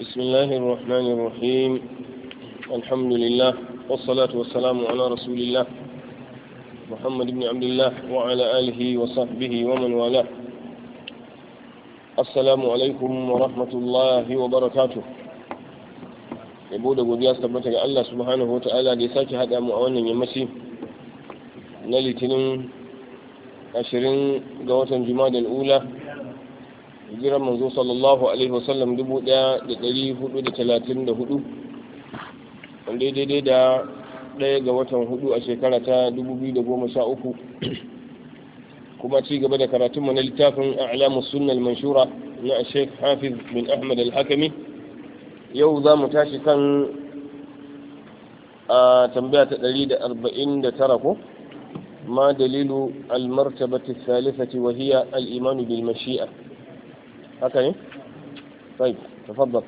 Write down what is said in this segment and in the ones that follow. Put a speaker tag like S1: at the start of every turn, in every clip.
S1: بسم الله الرحمن الرحيم الحمد لله والصلاة والسلام على رسول الله محمد بن عبد الله وعلى آله وصحبه ومن والاه السلام alaikum ورحمة الله وبركاته yabo da godiya su tabbata ga Allah subhanahu wa ta'ala da ya sake haɗa mu a wannan yammaci na litinin 20 ga watan juma'a ula hijirar manzo sallallahu alaihi wasallam dubu daya da dari hudu da talatin da hudu wanda daidai da daya ga watan hudu a shekara ta dubu biyu da goma sha uku kuma ci gaba da karatunmu na littafin a'lamu sunna al-manshura na sheikh hafiz bin ahmad al-hakami yau za mu tashi kan a tambaya ta ɗari da arba'in da tara ko ما دليل المرتبة الثالثة وهي الإيمان بالمشيئة هكذا طيب تفضل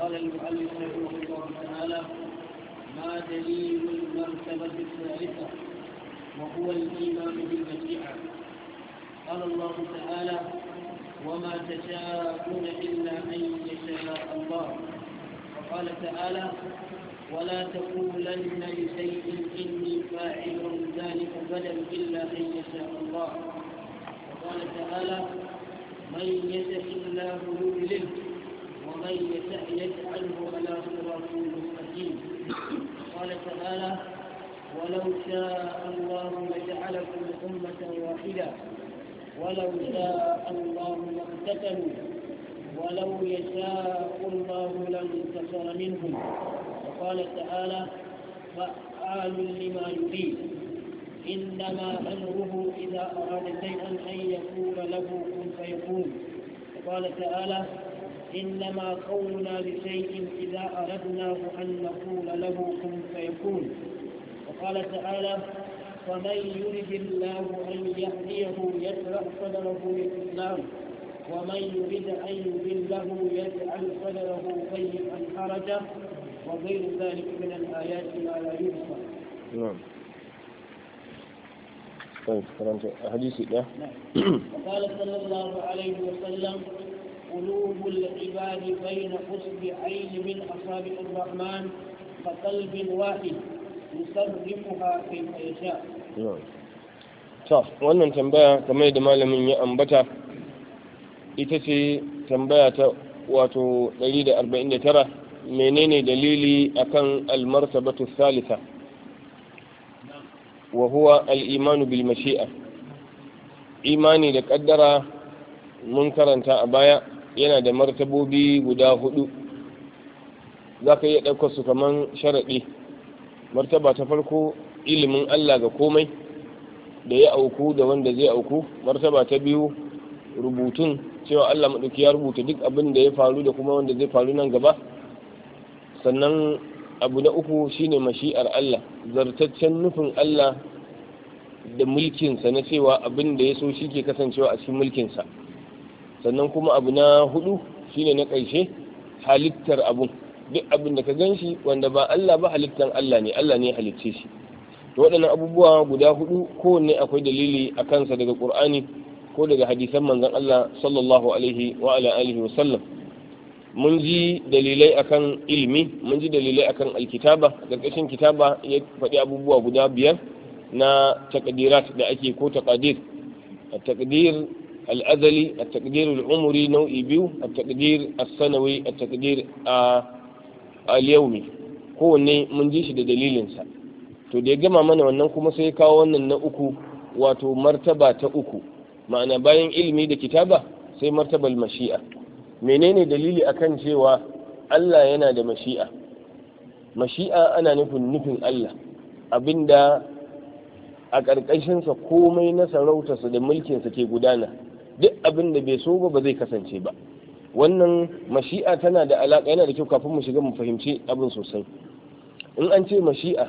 S2: قال المؤلف رحمه الله تعالى ما دليل المرتبة الثالثة وهو الإيمان بالمشيئة قال الله تعالى وما تشاءون إلا أن يشاء الله وقال تعالى ولا تقولن لشيء إني فاعل ذلك غدا إلا أن يشاء الله قال تعالى من يتق الله يؤلمه ومن يجعله على صراط مستقيم قال تعالى ولو شاء الله لجعلكم أمة واحدة ولو شاء الله لاقتتلوا ولو يشاء الله لانتصر منهم وقال تعالى فعال لما يريد إنما أمره إذا أراد شيئا أن يقول له كن فيكون قال تعالى إنما قولنا لشيء إذا أردناه أن نقول له كن فيكون وقال تعالى فمن يرد الله أن يهديه يشرح صدره للإسلام ومن يرد أن يذله يجعل صدره ضيقا حرجا وغير ذلك من الآيات ما لا يحصى.
S1: نعم. طيب كلام حديثي ده
S2: قال صلى الله عليه وسلم قلوب العباد بين من اصابع الرحمن كقلب واحد يصرفها كيف يشاء
S1: wannan tambaya kamar da malamin ya ambata ita ce tambaya ta wato 149 menene dalili akan almartabatu salisa wa huwa al bil mashi'a imani da kaddara mun karanta a baya yana da martabobi guda hudu za ka iya ɗaukar su kamar sharaɗi martaba ta farko ilimin Allah ga komai da ya auku da wanda zai auku martaba ta biyu rubutun cewa Allah maɗauki ya rubuta duk abin da ya faru da kuma wanda zai faru nan gaba sannan abu na uku shine mashi'ar Allah zartaccen nufin Allah da mulkinsa na cewa abin da ya so shi ke kasancewa a cikin mulkinsa sannan kuma abu na hudu shine na ƙarshe halittar abun duk abin da ka gan shi wanda ba Allah ba halittar Allah ne Allah ne halicce shi to waɗannan abubuwa guda hudu kowanne akwai dalili a kansa daga ƙur'ani ko daga hadisan manzon Allah sallallahu alaihi wa ala alihi wa sallam mun ji dalilai akan ilimi mun ji dalilai akan alkitaba ƙarƙashin kitaba ya faɗi abubuwa guda biyar na takadirat da ake ko takadir a a takadir al'azali التقدير الأزلي التقدير العمري a بيو sanawi a takadir a هو kowanne mun ji shi da dalilinsa to da ya gama mana wannan kuma sai kawo wannan na uku wato martaba ta uku ma'ana bayan ilimi da kitaba sai martabal mashi'a menene dalili akan cewa Allah yana da mashi'a mashi'a ana nufin nufin Allah abinda a ƙarƙashinsa komai na sarautarsa da mulkinsa ke gudana duk abinda bai so ba ba zai kasance ba wannan mashi'a tana da alaƙa yana da kyau kafin mu shiga mu fahimci abin sosai in an ce mashi'a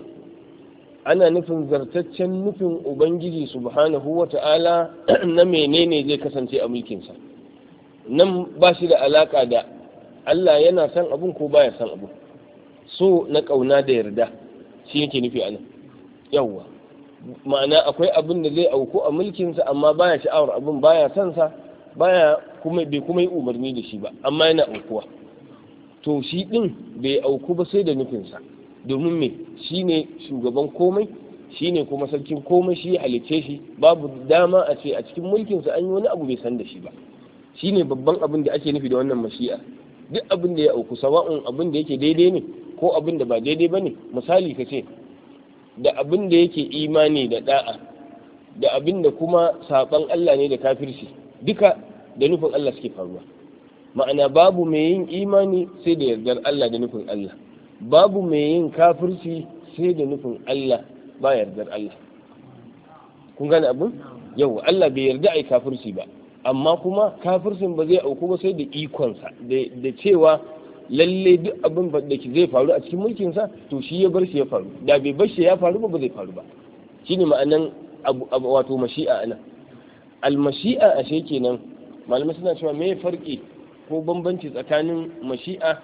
S1: ana nufin zartaccen nufin ubangiji subhanahu wata'ala na menene zai kasance a mulkinsa nan ba shi da alaka da Allah yana san abun ko baya son abun so na ƙauna da yarda shi yake nufi anan yawwa ma'ana akwai abin da zai auku a mulkinsa amma baya sha'awar abin baya son sa baya kuma bai kuma yi umarni da shi ba amma yana aukuwa to shi din bai auku ba sai da nufinsa domin me shine shugaban komai shine kuma sarkin komai shi halice shi babu dama a ce a cikin mulkinsa an yi wani abu bai san da shi ba shine babban abin da ake nufi da wannan mashi'a duk abin da ya auku sawa'un abin da yake daidai ne ko abin da ba daidai ba ne misali ka ce da abin da yake imani da da'a da abin da kuma saban Allah ne da kafirci duka da nufin Allah suke faruwa ma'ana babu mai yin imani sai da yardar Allah da nufin Allah babu mai yin kafirci sai da nufin Allah ba yardar Allah kun gane abin yau Allah bai yarda ai kafirci ba amma kuma kafircin ba zai auku ba sai da ikonsa da cewa lalle duk abin da zai faru a cikin mulkinsa to shi ya bar shi ya faru da bai bar shi ya faru ba ba zai faru ba ne ma'anan wato mashi'a ana? almashi'a ashe kenan malamai suna cewa me farki ko bambanci tsakanin mashi'a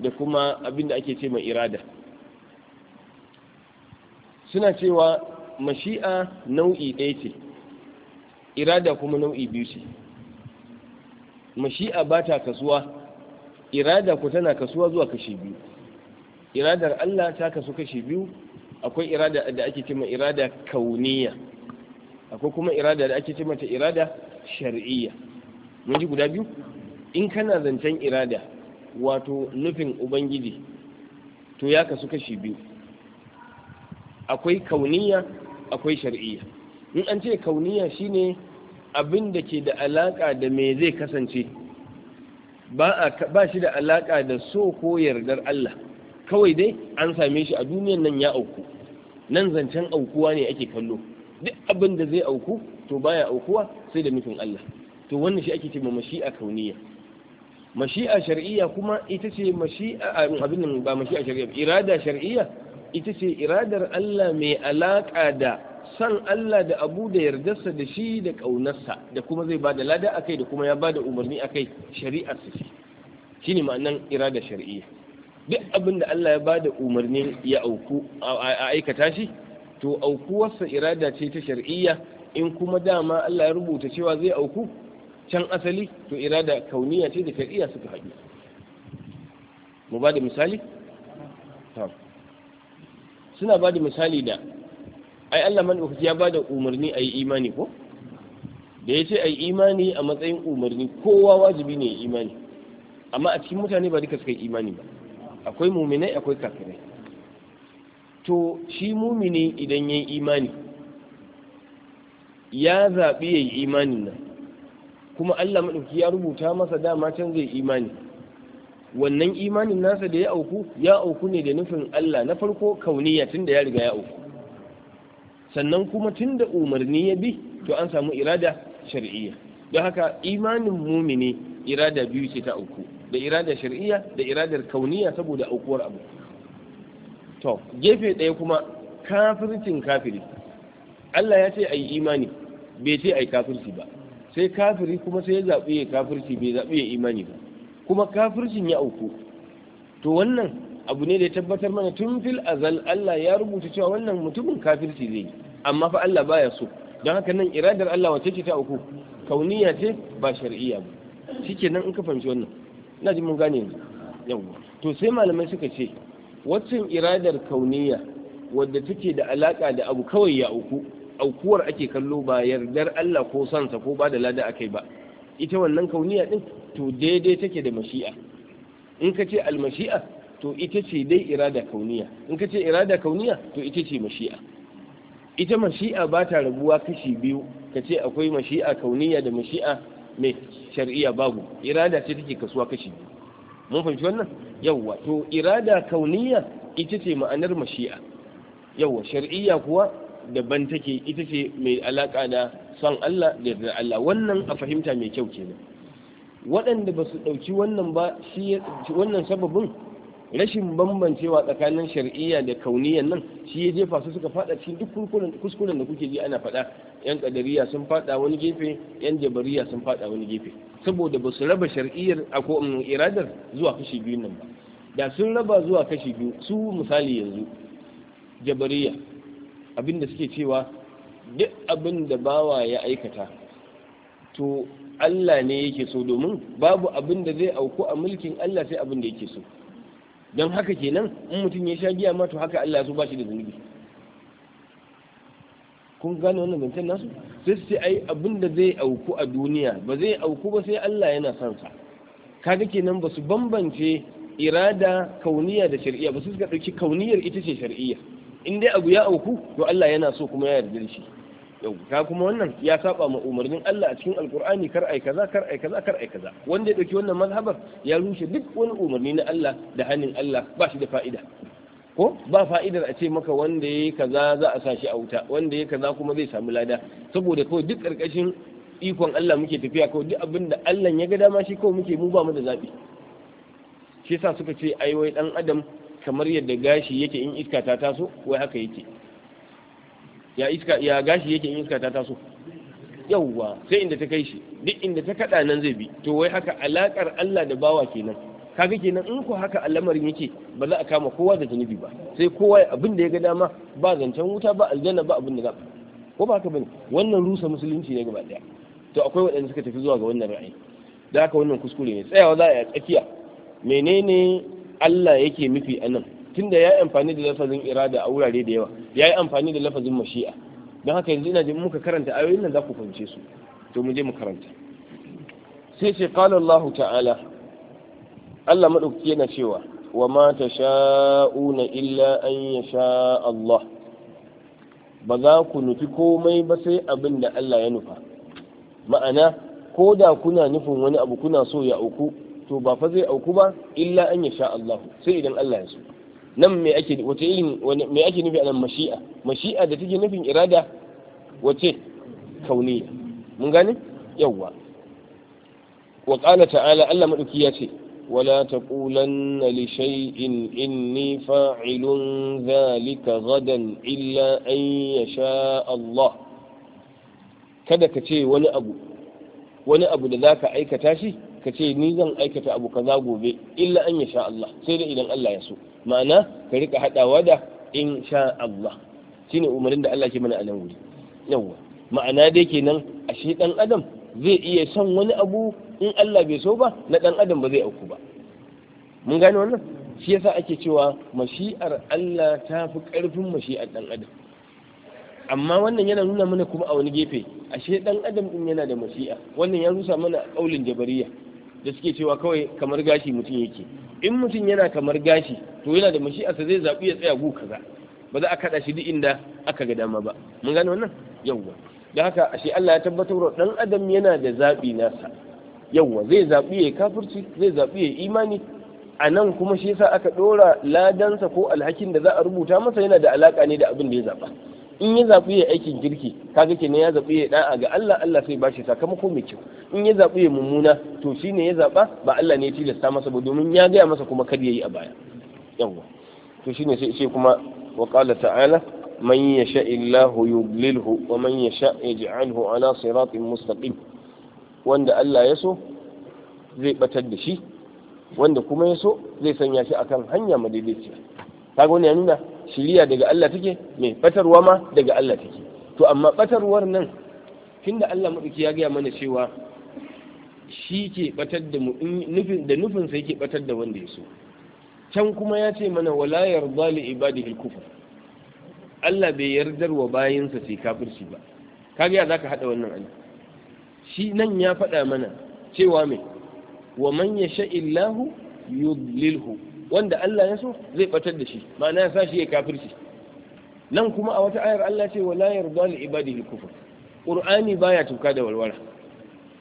S1: da kuma abin da ake ce mai irada suna cewa mashi'a nau'i ɗaya ce irada kuma nau'i biyu ce mashi'a ba ta kasuwa irada ku tana kasuwa zuwa kashi biyu iradar Allah ta kasu kashi biyu akwai irada da ake cimma irada kauniya akwai kuma irada da ake cimma ta irada shar'iyya mun ji guda biyu in kana zancen irada wato nufin ubangiji to ya kasu kashi biyu akwai kauniya akwai shar'iyya in an ce kauniya shine abin da ke da alaƙa da me zai kasance ba shi da alaƙa da so ko yardar Allah kawai dai an same shi a duniyan nan ya auku nan zancen aukuwa ne ake kallo duk abin da zai auku to baya aukuwa sai da nufin Allah to wannan shi ake ce mashi'a kauniya mashi'a shar'iyya kuma ita ce mashi'a abin nan ba mashi'a shar'iyya irada shar'iyya ita ce iradar Allah mai alaƙa da san Allah da abu da yardarsa da shi da ƙaunarsa da kuma zai ba da lada a kai da kuma ya ba da umarni a kai shari'ar su shi ne ma'anan irada shari'a? duk abin da Allah ya ba da umarni ya auku a aikata shi to aukuwarsa irada ce ta shari'iyya in kuma dama Allah ya rubuta cewa zai auku can asali to irada kauniya ce da shari'iyya suka haɗu mu ba da misali suna ba da misali da ai Allah madaukaki ya bada umarni a yi imani ko da ya ce a yi imani a matsayin umarni kowa wajibi ne ya imani amma a cikin mutane ba duka suka yi imani ba akwai muminai akwai kafirai to shi mumini idan ya yi imani ya zaɓi ya yi imanin nan kuma Allah maɗauki ya rubuta masa dama can zai imani wannan imanin nasa da ya auku ya auku ne da nufin Allah na farko kauniya tun da ya riga ya auku sannan kuma tun da umarni ya bi to an samu irada shar'iyya don haka imanin mumini irada biyu ce ta auku da irada shar'iyya da iradar kauniya saboda aukuwar abu to gefe ɗaya kuma kafircin kafiri Allah ya ce a yi imani bai ce a yi kafirci ba sai kafiri kuma sai ya zaɓi ya kafirci bai zaɓi ya imani ba kuma kafircin ya auku to wannan abu ne da ya tabbatar mana tun fil azal Allah ya rubuta cewa wannan mutumin kafirci zai yi amma fa Allah baya so don haka nan iradar Allah wace ce ta uku kauniya ce ba shar'iyya ba nan in ka fahimci wannan ina ji mun gane yanzu yawa to sai malamai suka ce waccan iradar kauniya wadda take da alaka da abu kawai ya uku aukuwar ake kallo ba yardar Allah ko sansa ko ba da lada akai ba ita wannan kauniya din to daidai take da mashi'a in ka ce almashi'a to ita ce dai irada kauniya in ka ce irada kauniya to ita ce mashi'a ita mashi'a ba ta rabuwa kashi biyu ka ce akwai mashi'a kauniya da mashi'a mai shari'a babu irada ce take kasuwa kashi biyu mun fahimci wannan yawwa to irada kauniya ita ce ma'anar mashi'a yawwa shari'a kuwa daban take ita ce mai alaka da son Allah da yarda Allah wannan a fahimta mai kyau kenan waɗanda ba su ɗauki wannan ba wannan sababin rashin bambancewa tsakanin shari'a da kauniyan nan shi ya jefa su suka fada cikin duk kuskuren da kuke ji ana fada yan kadariya sun fada wani gefe yan jabariya sun fada wani gefe saboda ba su raba shari'ar a ko um, iradar zuwa kashi biyu nan ba da sun raba zuwa kashi biyu su misali yanzu jabariya abinda suke cewa duk abin da bawa ya aikata to Allah ne yake so domin babu abin da zai auku a mulkin Allah sai abin da yake so don haka kenan in mutum ya sha giya ma to haka Allah ya so ba shi da zunubi kun gane wannan zancen nasu sai su ce ai abin da zai auku a duniya ba zai auku ba sai Allah yana son sa kaga kenan ba su bambance irada kauniya da shari'a ba su suka dauki kauniyar ita ce shari'a in dai abu ya auku to Allah yana so kuma ya yarda da shi yau kuma wannan ya saba ma umarnin Allah a cikin alkur'ani kar ai kaza kar ai kaza kar ai kaza wanda ya dauki wannan mazhabar ya rushe duk wani umarni na Allah da hannun Allah ba shi da fa'ida ko ba fa'idar a ce maka wanda yayi kaza za a sa shi a wuta wanda yayi kaza kuma zai samu lada saboda kawai duk karkashin ikon Allah muke tafiya kawai duk abin da Allah ya ga dama shi kawai muke mu ba mu da zabi shi yasa suka ce ai wai dan adam kamar yadda gashi yake in iska ta taso wai haka yake ya iska ya gashi yake in iska ta taso yawwa sai inda ta kai shi duk inda ta kada nan zai bi to wai haka alakar Allah da bawa kenan kaga kenan in ko haka al'amarin yake ba za a kama kowa da zunubi ba sai kowa abin da ya ga dama ba zancen wuta ba aljanna ba abin da za ko ba haka bane wannan rusa musulunci ne gaba daya to akwai waɗanda suka tafi zuwa ga wannan ra'ayi da haka wannan kuskure ne tsayawa za a yi tsakiya menene Allah yake nufi anan tunda ya yi amfani da lafazin irada a wurare da yawa ya yi amfani da lafazin mashi'a don haka yanzu ina jin muka karanta ayoyin nan za ku fahimce su to mu je mu karanta sai ce qala Allah ta'ala Allah madaukaki yana cewa wa ma tasha'una illa an yasha Allah ba za ku nufi komai ba sai abin da Allah ya nufa ma'ana ko da kuna nufin wani abu kuna so ya auku to ba fa zai auku ba illa an yasha Allah sai idan Allah ya so nan me ake wace yin me ake nufi anan mashi'a mashi'a da take nufin irada wace kauniya mun gane yawwa wa qala ta'ala Allah madauki ya ce taqulanna li shay'in inni fa'ilun ذلك غدا illa an yasha allah kada ka ce wani abu wani abu da zaka aikata shi ka ce ni zan aikata abu kaza gobe illa an ya sha Allah sai dai idan Allah ya so ma'ana ka rika hadawa da in sha Allah shine umarnin da Allah ke mana a nan wuri yawa ma'ana dai kenan ashe dan adam zai iya san wani abu in Allah bai so ba na dan adam ba zai auku ba mun gane wannan shi yasa ake cewa mashi'ar Allah ta fi karfin mashi'ar dan adam amma wannan yana nuna mana kuma a wani gefe ashe dan adam din yana da mashi'a wannan ya rusa mana kaulin jabariya da suke cewa kawai kamar gashi mutum yake in mutum yana kamar gashi to yana da asa zai zaɓi ya tsaya gu kaza ba za a kaɗa shi duk inda aka ga dama ba mun gane wannan yawwa da haka ashe Allah ya tabbatar wa dan adam yana da zaɓi nasa yawwa zai zaɓi ya kafirci zai zaɓi ya imani a nan kuma shi yasa aka ɗora ladansa ko alhakin da za a rubuta masa yana da alaƙa ne da abin da ya zaɓa in ya zaɓi ya aikin kirki kaga kenan ya zaɓi ya da'a ga Allah Allah sai bashi sakamako mai kyau in ya zaɓi ya mummuna to ne ya zaɓa ba Allah ne ya tilasta masa ba domin ya gaya masa kuma kar yayi a baya yawwa to ne sai sai kuma wa qala ta'ala man yasha illahu yudlilhu wa man yasha yaj'alhu ala siratin mustaqim wanda Allah ya so zai batar da shi wanda kuma ya so zai sanya shi akan hanya madaidaiciya kaga wannan ya nuna shiriya daga Allah take mai batarwa ma daga Allah take to amma batarwar nan tun da Allah madauki ya gaya mana cewa shi ke batar da mu nufin da nufin yake batar da wanda ya so can kuma ya ce mana wala yarda li ibadihi kufur Allah bai yardar wa bayinsa sai kafirci ba kaga ya zaka hada wannan ayi shi nan ya faɗa mana cewa mai wa manya yasha illahu yudlilhu wanda Allah ya so zai batar da shi ma'ana ya sa shi ya kafirci nan kuma a wata ayar Allah ce wala yarda li ibadihi kufur qur'ani baya tuka da walwala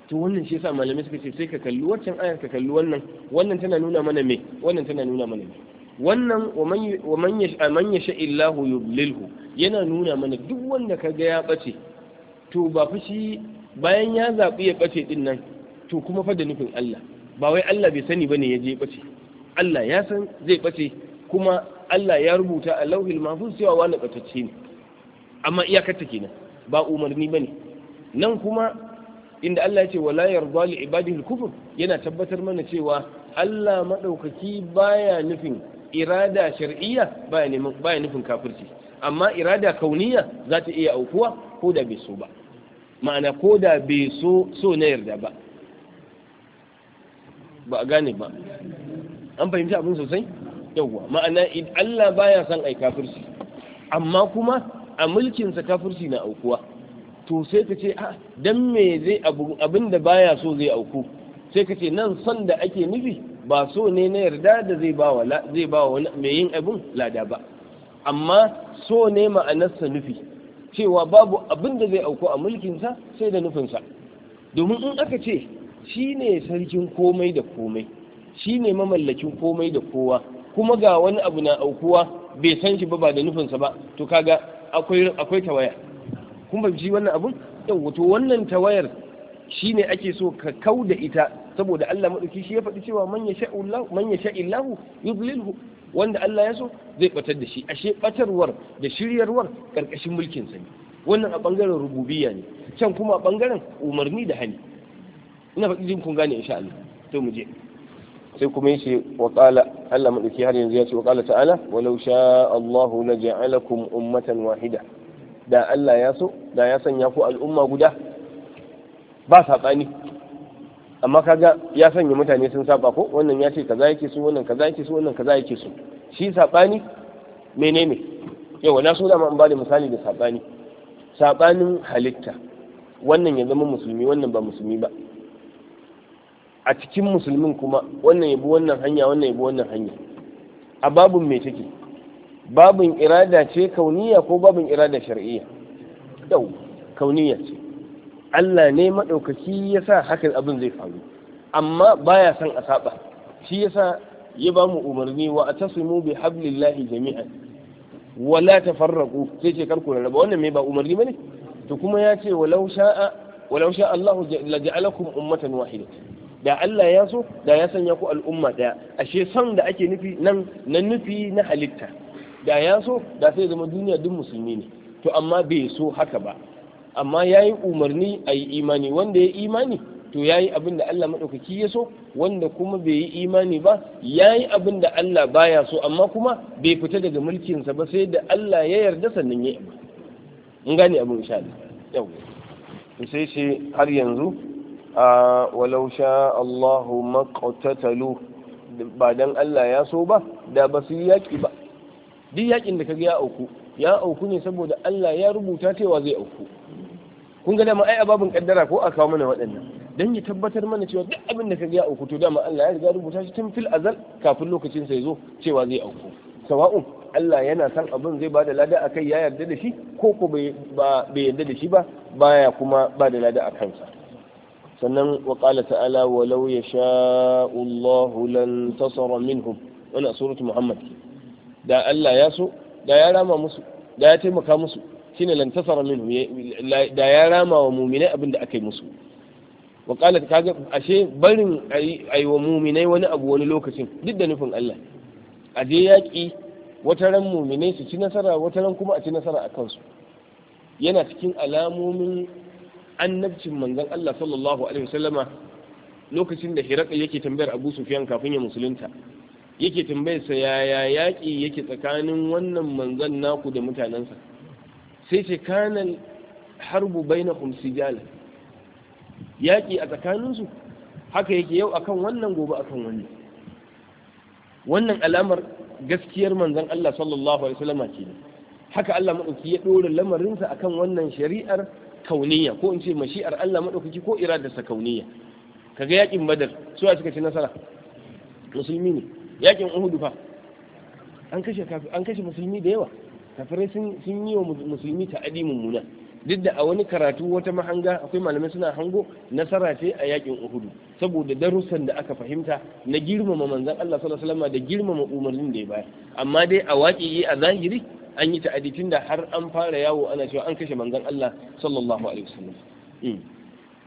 S1: to wannan shi yasa malamai suka ce sai ka kalli waccan ayar ka kalli wannan wannan tana nuna mana me wannan tana nuna mana me wannan wa man yasha illahu yublilhu yana nuna mana duk wanda ka ga ya bace to ba fa shi bayan ya zaɓi ya bace din nan to kuma fa da nufin Allah ba wai Allah bai sani bane ya je ya bace Allah ya san zai bace kuma Allah ya rubuta a lauhil mahfuz cewa wani batacce ne amma iyakar ta kenan ba umarni bane nan kuma inda Allah ya ce wala yarda li ibadihi kufur yana tabbatar mana cewa Allah madaukaki baya nufin irada shar'iyya baya nufin baya nufin kafirci amma irada kauniya za ta iya aukuwa ko da bai so ba ma'ana ko da bai so so na yarda ba ba gane ba an fahimci abin sosai yauwa ma'ana Allah baya son ai kafirci amma kuma a mulkinsa kafirci na aukuwa to sai ka ce a ah, dan me zai abin da baya so zai auku sai ka ce nan son da ake nufi ba so ne na yarda da zai ba wa zai ba mai yin abin lada ba amma so ne ma'anarsa nufi cewa babu abin da zai auku a mulkinsa sai da nufinsa domin in aka ce shi ne sarkin komai da komai Shi ne mamallakin komai da kowa kuma ga wani abu na aukuwa bai san shi ba ba da nufinsa ba to kaga akwai akwai tawaya kun shi wannan abun yawa to wannan tawayar shi ne ake so ka kau da ita saboda Allah madauki shi ya faɗi cewa man yasha'illahu man yasha'illahu yudlilhu wanda Allah ya so zai batar da shi ashe batarwar da shiryarwar karkashin mulkin Sani. wannan a bangaren rububiyya ne can kuma a bangaren umarni da hani? ina faɗi jin kun gane in Allah to mu je sai kuma yace wa qala Allah madauki har yanzu yace wa qala ta'ala walau sha Allah la ja'alakum ummatan wahida da Allah ya so da ya sanya ku al'umma guda ba saɓani amma kaga ya sanya mutane sun saba ko wannan ya ce kaza yake so wannan kaza yake so wannan kaza yake so shi saɓani menene yawa na so da ma ba da misali da saɓani saɓanin halitta wannan ya zama musulmi wannan ba musulmi ba a cikin musulmin kuma wannan yabi wannan hanya wannan yabi wannan hanya a babin me take babin irada ce kauniya ko babin irada shar'iyya yau kauniya ce Allah ne maɗaukaki ya sa hakan abin zai faru amma baya son a saba shi yasa ya ba mu umarni wa atasimu bi hablillahi jami'an wala tafarraqu sai ce karku raba wannan me ba umarni bane to kuma ya ce walau sha'a walau sha'a Allahu la ja'alakum ummatan wahidatan da Allah ya so da ya sanya ku al'umma daya ashe son da ake nufi nan na nufi na halitta da ya so da sai zama duniya duk musulmi ne to amma bai so haka ba amma yayi umarni a yi imani wanda ya imani to yayi yi abin da Allah madaukaki ya so wanda kuma bai yi imani ba yayi yi abin da Allah baya so amma kuma bai fita daga mulkinsa ba sai da Allah ya yarda sannan ya yi in gane abin insha Allah yau sai shi har yanzu walau walausha Allahu maqtatalu ba don Allah ya so ba da ba su yi yaƙi ba duk yaƙin da kaga ya auku ya auku ne saboda Allah ya rubuta cewa zai auku kun ga dama ai ababin kaddara ko a kawo mana waɗannan dan ya tabbatar mana cewa duk abin da kaga ya auku to dama Allah ya riga rubuta shi tun fil azal kafin lokacin sa ya zo cewa zai auku sawa'un Allah yana san abin zai bada lada akai ya yarda da shi ko ko bai yarda da shi ba baya kuma bada lada a kansa sannan Waƙala qala ta'ala walau yasha Allahu lan tasara minhum wannan suratu Muhammad da Allah ya so da ya rama musu da ya taimaka musu shine lan tasara minhum da ya rama wa mu'minai abin da aka yi musu Waƙala ta kaga ashe barin ayi wa mu'minai wani abu wani lokacin duk da nufin Allah a je yaƙi wata ran mu'minai su ci nasara wata ran kuma a ci nasara a kansu yana cikin alamomin annabcin manzon Allah sallallahu alaihi wasallama lokacin da Hiraqi yake tambayar Abu Sufyan kafin ya musulunta yake tambayar sa yaya yaki yake tsakanin wannan manzon naku da mutanansa sai ce kana harbu bainakum sijal yaki a tsakaninsu haka yake yau akan wannan gobe akan wannan wannan alamar gaskiyar manzon Allah sallallahu alaihi wasallama ce haka Allah madauki ya dora lamarinsa akan wannan shari'ar kauniya ko in ce mashi'ar Allah maɗaukaki ko iradarsa kauniya kaga yakin badar suwa suka ci nasara musulmi ne yakin hudu fa an kashe musulmi da yawa kafirai sun yi wa musulmi ta'adi mummuna duk da a wani karatu wata mahanga akwai malamai suna hango nasara ce a yakin uhudu saboda darussan da aka fahimta na girmama manzon Allah sallallahu alaihi wasallam da girmama umarnin da ya bayar amma dai a waƙi a zahiri an yi ta'adi da har an fara yawo ana cewa an kashe manzon Allah sallallahu alaihi wasallam mm.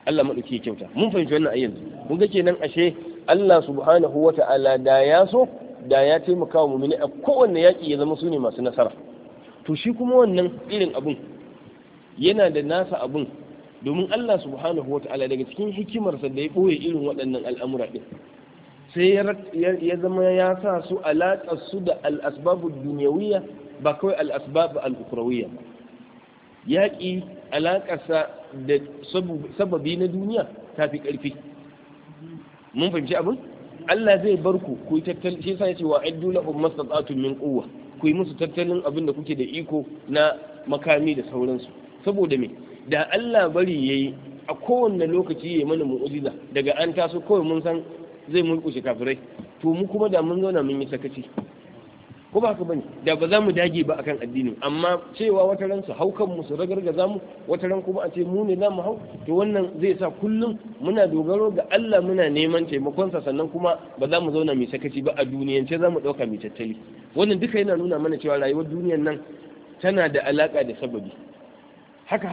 S1: Allah madauki kyauta mun fahimci wannan ayyan Mun ga kenan ashe Allah subhanahu wata'ala da ya so da ya taimaka wa mu'mini a kowanne yaki ya zama su ne masu nasara to shi kuma wannan irin abun yana da nasa abun domin Allah subhanahu wata'ala daga cikin hikimarsa da ya boye irin waɗannan al'amura ɗin sai ya zama ya sa su alaƙa su da al'asbabu duniyawiya ba kawai al'asbabu al'ukurawiya yaƙi alaƙarsa da sababi na duniya ta fi ƙarfi mun fahimci abin Allah zai bar ku ku yi tattalin shi sai ce wa addu lahum mastata'atun min quwwa ku yi musu tattalin abin da kuke da iko na makami da sauransu saboda me da Allah bari yayi a kowanne lokaci yayi mana mu'ujiza, daga an taso kawai mun san zai mulkushe kafirai to mu kuma da mun zauna mun yi sakaci ko ba ka bane da ba za mu dage ba akan addini amma cewa wata ran su haukan mu su ragargaza mu wata ran kuma a ce mu ne za mu hau to wannan zai sa kullum muna dogaro ga Allah muna neman taimakon sa sannan kuma ba za mu zauna mai sakaci ba a duniyance za mu dauka mai tattali wannan duka yana nuna mana cewa rayuwar duniyan nan tana da alaka da sababi haka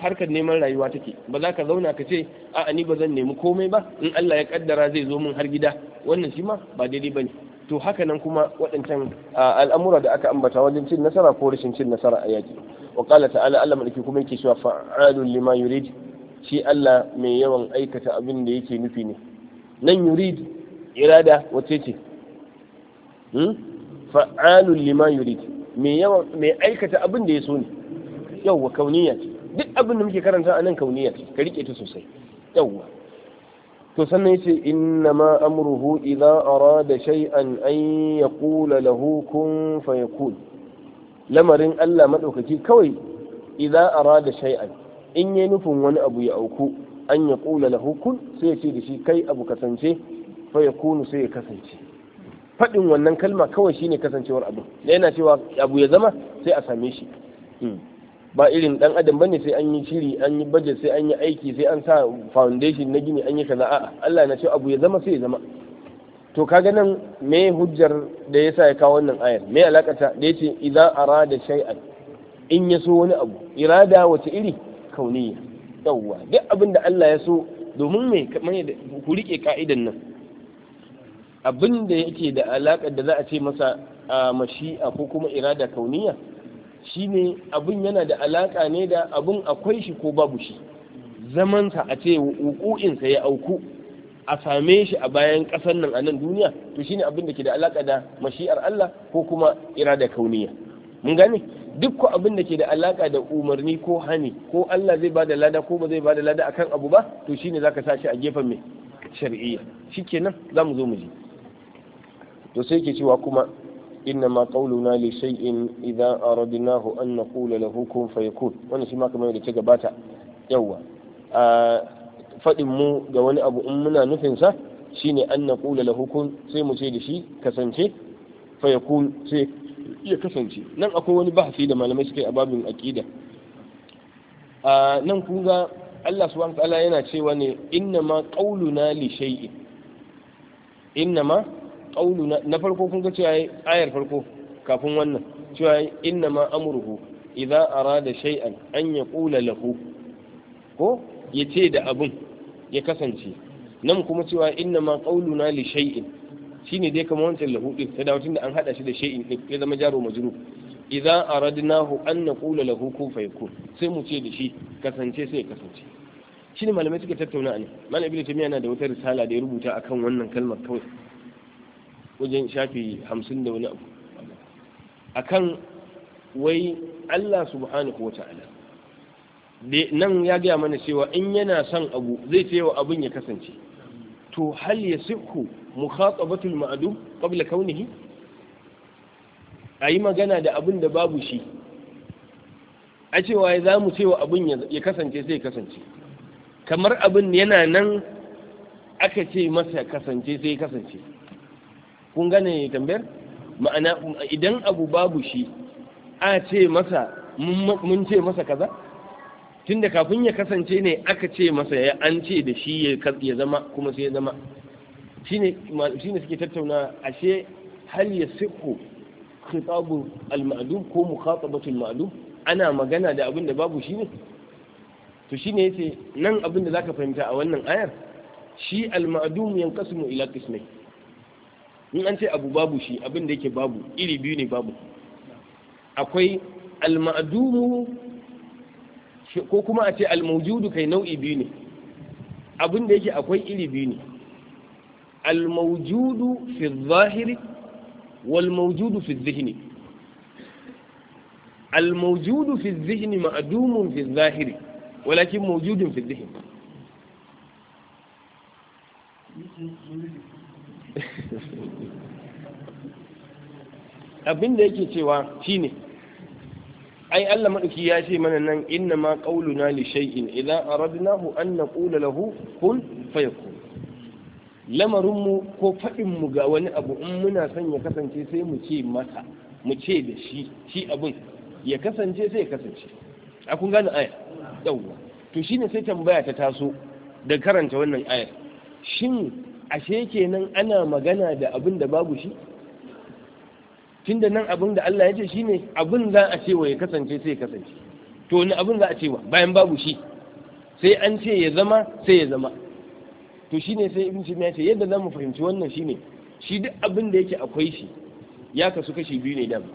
S1: harkar neman rayuwa take ba za ka zauna ka ce a ni ba zan nemi komai ba in Allah ya kaddara zai zo min har gida wannan shi ma ba daidai bane to haka nan kuma waɗancan al'amura da aka ambata wajen cin nasara ko rashin cin nasara a yaki wa qala ta'ala Allah malaki kuma yake cewa fa'alun lima yurid shi Allah mai yawan aikata abin da yake nufi ne nan yurid irada wace ce hmm? fa'alun lima yurid mai yawan mai aikata abin da ya so ne yawwa kauniya duk abin da muke karanta a nan kauniya ka rike ta sosai yawwa to sannan yace inna ma amruhu idza arada shay'an an yaqula lahu kun fayakun lamarin Allah madaukaki kawai idza arada shay'an in yayi nufin wani abu ya auku an ya kula lahu kun sai ya ce da shi kai abu kasance fa ya sai ya kasance faɗin wannan kalma kawai shine kasancewar abu da yana cewa abu ya zama sai a same shi hmm. ba irin dan adam bane sai an yi shiri an yi budget sai an yi aiki sai an sa foundation na gini an yi kaza a'a Allah na ce abu ya zama sai ya zama to kaga nan me hujjar da yasa ya kawo wannan ayar me alakata da yace idza arada shay'an in ya so wani abu irada wace iri kauniya yawwa duk abin da Allah ya so domin me kamar ku rike ka'idan nan abin da yake da alakar da za a ce masa a mashi'a ko kuma irada kauniya Shi ne abin yana da alaƙa ne da abin akwai shi ko babu shi zamansa a ce wuku'insa ya auku a same shi a bayan ƙasar nan a nan duniya to shi ne abin da ke da alaƙa da mashi'ar Allah ko kuma ira da kauniya mun gane duk ko abin da ke da alaƙa da umarni ko hani ko Allah zai ba da lada ko ba zai bada lada a kan abu ba to shi shine zaka sa shi a gefen mai shar'iyya shikenan mu zo mu ji to sai ke cewa kuma إنما قولنا لشيء إذا أردناه أن نقول له كن فيكون وأنا شما كما يقول لك باتا يوا faɗin mu ga wani abu in muna nufinsa shine an na ƙula lahukun sai mu ce da shi kasance fayakun sai ya kasance nan akwai wani bahasi da malamai suka a babin aƙida nan kun ga Allah subhanahu wa ta'ala yana cewa ne innama qauluna li shay'in innama alƙaulu na farko kun ga cewa ayar farko kafin wannan cewa inna ma amruhu idza arada shay'an an yaqula lahu ko yace da abun ya kasance nan kuma cewa inna ma qauluna li shay'in shine dai kamar wancan lahu din sai da da an hada shi da shay'in din ya zama jaro majrur idza aradnahu an naqula lahu kun fayakun sai mu ce da shi kasance sai kasance shine malamai suka tattauna ne malam ibnu tamiya yana da wata risala da ya rubuta akan wannan kalmar kawai wajen shafi hamsin da wani abu A kan wai Allah subhanahu wa ta'ala nan ya gaya mana cewa in yana son abu zai ce wa abin ya kasance to hal ya siku mukhatabatul ma'dum qabla kaunihi yi magana da abin da babu shi a cewa za mu ce wa abin ya kasance sai kasance kamar abin yana nan aka ce masa kasance sai kasance kun gane tambayar ma'ana idan abu babu shi a ce masa mun ce masa kaza tunda kafin ya kasance ne aka ce masa ya an ce da shi ya zama kuma sai ya zama shi ne suke tattauna ashe hal siko kitabun al-ma'dum ko mukhatabatul ma'dum ana magana da abin da babu shi ne to shi ne yace nan abin da zaka fahimta a wannan ayar shi al-ma'dum yanqasimu ila qismayn in an ce abu babu shi abin da yake babu iri biyu ne babu akwai al-ma'dumu ko kuma a ce al almaujudu kai nau'i biyu ne abin da yake akwai iri biyu ne al almaujudu fi zahiri wal maujudu fi zihni al almaujudu fi zihni ma'dumun fi zahiri walakin maujudun fi zihni abin da yake cewa shine ai Allah maɗuki ya ce mana nan inna ma qauluna li shay'in idza aradnahu an naqula lahu kun fayakun lamarin mu ko fadin mu ga wani abu in muna son ya kasance sai mu ce masa mu ce da shi shi abin ya kasance sai ya kasance a kun gane aya yawwa to shine sai tambaya ta taso da karanta wannan ayar shin ashe kenan ana magana da abin da babu shi da nan abin da Allah ya ce shi ne abin za a ce wa ya kasance sai ya kasance to wani abin za a cewa bayan babu shi sai an ce ya zama sai ya zama to shi ne sai ibn Sina ya ce yadda za mu fahimci wannan shi ne, shi duk abin da yake akwai shi ya kasu kashi biyu ne dama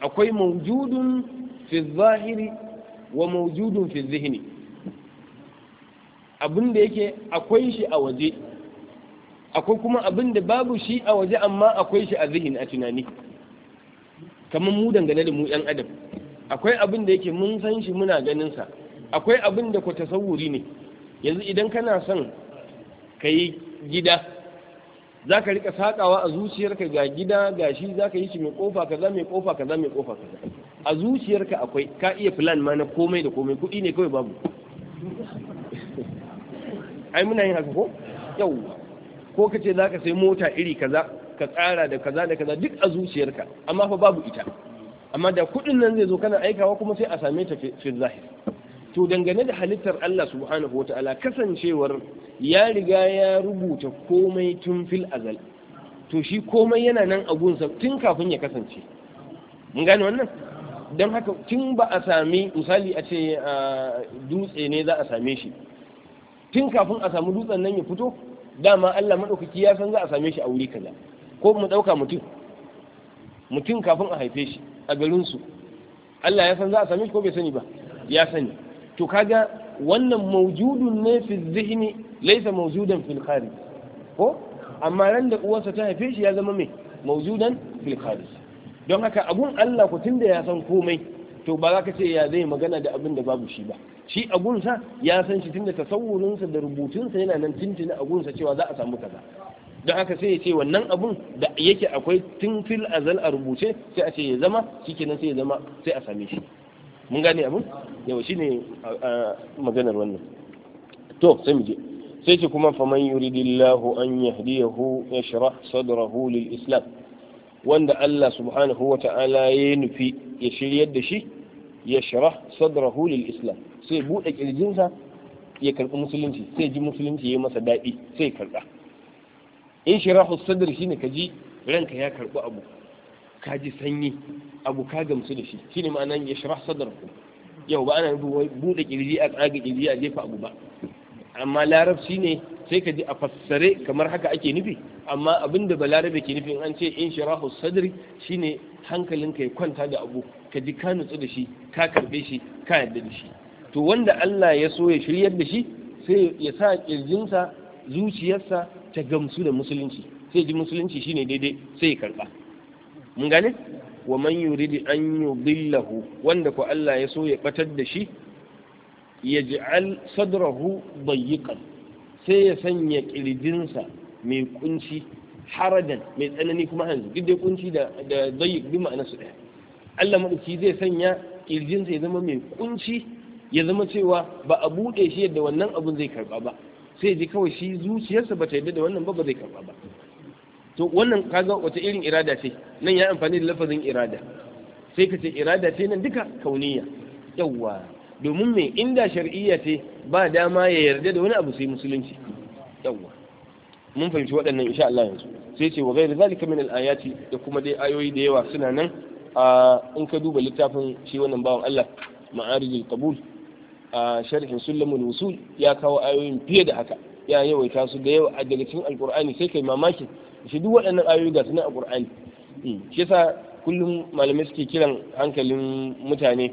S1: akwai mawjudun fi zahiri wa mawjudun fi zihni abin da yake akwai shi a waje akwai kuma abin da babu shi a waje amma akwai shi a zihin a tunani kamar mu dangane da mu yan adam akwai abin da yake mun san shi muna ganin sa akwai abin da ku tasawuri ne yanzu idan kana son ka yi gida za ka rika sakawa a zuciyarka ga gida ga shi za ka yi shi mai kofa kaza mai kofa kaza mai kofa kaza a zuciyarka akwai ka iya plan ma na komai da komai kuɗi ne kawai babu ai muna yin haka ko yau ko ka ce za ka sai mota iri kaza ka tsara da kaza da kaza duk a zuciyarka amma fa babu ita amma da kuɗin nan zai zo kana aikawa kuma sai a same ta fi zahiri to dangane da halittar Allah subhanahu wa kasancewar ya riga ya rubuta komai tun fil azal to shi komai yana nan a gunsa tun kafin ya kasance mun gane wannan don haka tun ba a sami misali a ce dutse ne za a same shi tun kafin a samu dutsen nan ya fito dama Allah maɗaukaki ya san za a same shi a wuri kaza ko mu ɗauka mutum mutum kafin a haife shi a garinsu Allah ya san za a sami ko bai sani ba ya sani to kaga wannan maujudun ne fi zihni laisa maujudan fil kharij ko amma ran da uwarsa ta haife shi ya zama mai maujudan fil kharij don haka abun Allah ku tunda ya san komai to ba za ka ce ya zai magana da abin da babu shi ba shi agunsa ya san shi tunda tasawurinsa da rubutunsa yana nan tintini agunsa cewa za a samu kaza don haka sai ya ce wannan abun da yake akwai tun fil azal a rubuce sai a ce ya zama shikenan sai ya zama sai a same shi mun gane abun yawa shine maganar wannan to sai mu je sai ce kuma faman yuridillahu an yahdiyahu yashrah sadrahu lil islam wanda Allah subhanahu wa ta'ala ya nufi ya shiryar da shi ya shara sadrahu lil islam sai buɗe kirjinsa ya karɓi musulunci sai ji musulunci ya masa daɗi sai karɓa in shirahu sadr shine kaji ranka ya karɓi abu ka ji sanyi abu ka gamsu da shi ne ma'anan ya shirah sadarku yau ba ana buɗe ƙirji a tsaga ƙirji a jefa abu ba amma larabci ne sai ka ji a fassare kamar haka ake nufi amma abin da Larabe ke nufin an ce in shirahu sadri ne hankalinka ya kwanta da abu ka ji ka nutsu da shi ka karɓe shi ka yarda da shi to wanda Allah ya so ya shiryar da shi sai ya sa kirjinsa zuciyarsa ta gamsu da musulunci sai ji musulunci shine daidai sai ya karba mun gane wa man yuridi an yudillahu wanda ko Allah ya so ya batar da shi yaj'al sadrahu dayyiqan sai ya sanya kirjinsa mai kunci haradan mai tsanani kuma hanzu duk da kunci da da dayyiq bi ma'ana su daya Allah madauki zai sanya kirjinsa ya zama mai kunci ya zama cewa ba a buɗe shi yadda wannan abun zai karɓa ba sai ji kawai shi zuciyarsa ba ta yarda da wannan ba ba zai karba ba to wannan kaga wata irin irada ce nan ya amfani da lafazin irada sai ka ce irada ce nan duka kauniya yawwa domin me inda shar'iyya ce ba dama ya yarda da wani abu sai musulunci yawwa mun fahimci waɗannan insha Allah yanzu sai ce wa ghairu zalika min al-ayati da kuma dai ayoyi da yawa suna nan ah, in ka duba littafin shi wannan bawan Allah ma'arijul qabul a sharhin sulamul wusul ya kawo ayoyin fiye da haka ya yawaita su da yawa daga cikin alkur'ani sai kai mamaki shi duk waɗannan ayoyi ga su na alqur'ani hmm. shi yasa kullum malamai suke kiran hankalin mutane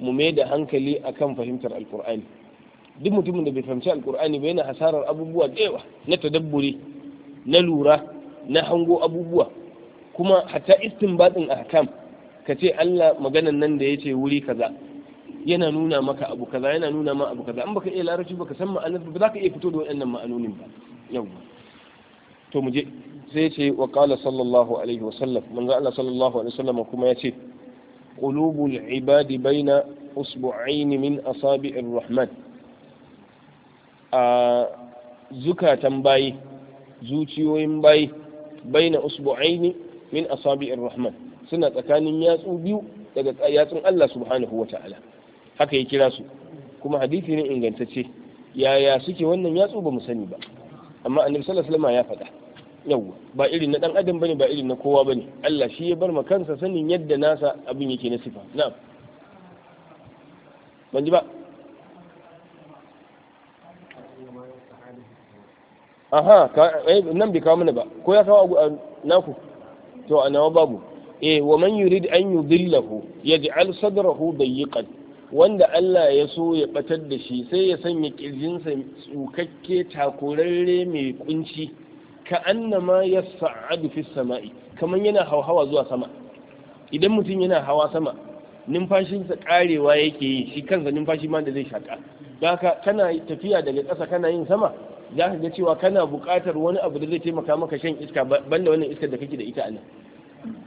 S1: mu mai da hankali akan fahimtar alkur'ani duk mutumin da bai fahimci alkur'ani ba yana hasarar abubuwa da yawa na tadabburi na lura na hango abubuwa kuma hatta istinbatin ahkam ka ce Allah maganan nan da ya ce wuri kaza yana nuna maka abu kaza yana nuna ma abu kaza an baka iya larabci baka san ma'anar ba za ka iya fito da waɗannan ma'anonin ba yau to mu je sai ce wa qala sallallahu alaihi wa sallam manzo Allah sallallahu alaihi wa sallam kuma ya ce qulubul ibadi baina usbu'ain min asabi'ir rahman a zukatan bayi zuciyoyin bayi baina usbu'ain min asabi'ir rahman suna tsakanin yatsu biyu daga yatsun Allah subhanahu wa ta'ala haka ya kira su kuma hadisi ne ingantacce yaya suke wannan yatsu ba mu sani ba amma annabi sallallahu alaihi ya faɗa yawwa ba irin na dan adam bane ba irin na kowa bane Allah shi ya bar ma kansa sanin yadda nasa abin yake na sifa na'am ban ji ba aha eh, nan bai kawo mana ba ko ya kawo a naku to a nawa babu eh wa man yurid an yudillahu yaj'al sadrahu dayyqan wanda Allah ya so ya batar da shi sai ya sanya kirjinsa tsukakke takurarre mai kunci ka annama ya sa'adu fi sama'i kamar yana hauhawa zuwa sama idan mutum yana hawa sama numfashinsa karewa yake yi shi kansa numfashi ma da zai shaka kana tafiya daga ƙasa kana yin sama za ka ga cewa kana buƙatar wani abu da zai taimaka maka shan iska banda wannan iskar da kake da ita a nan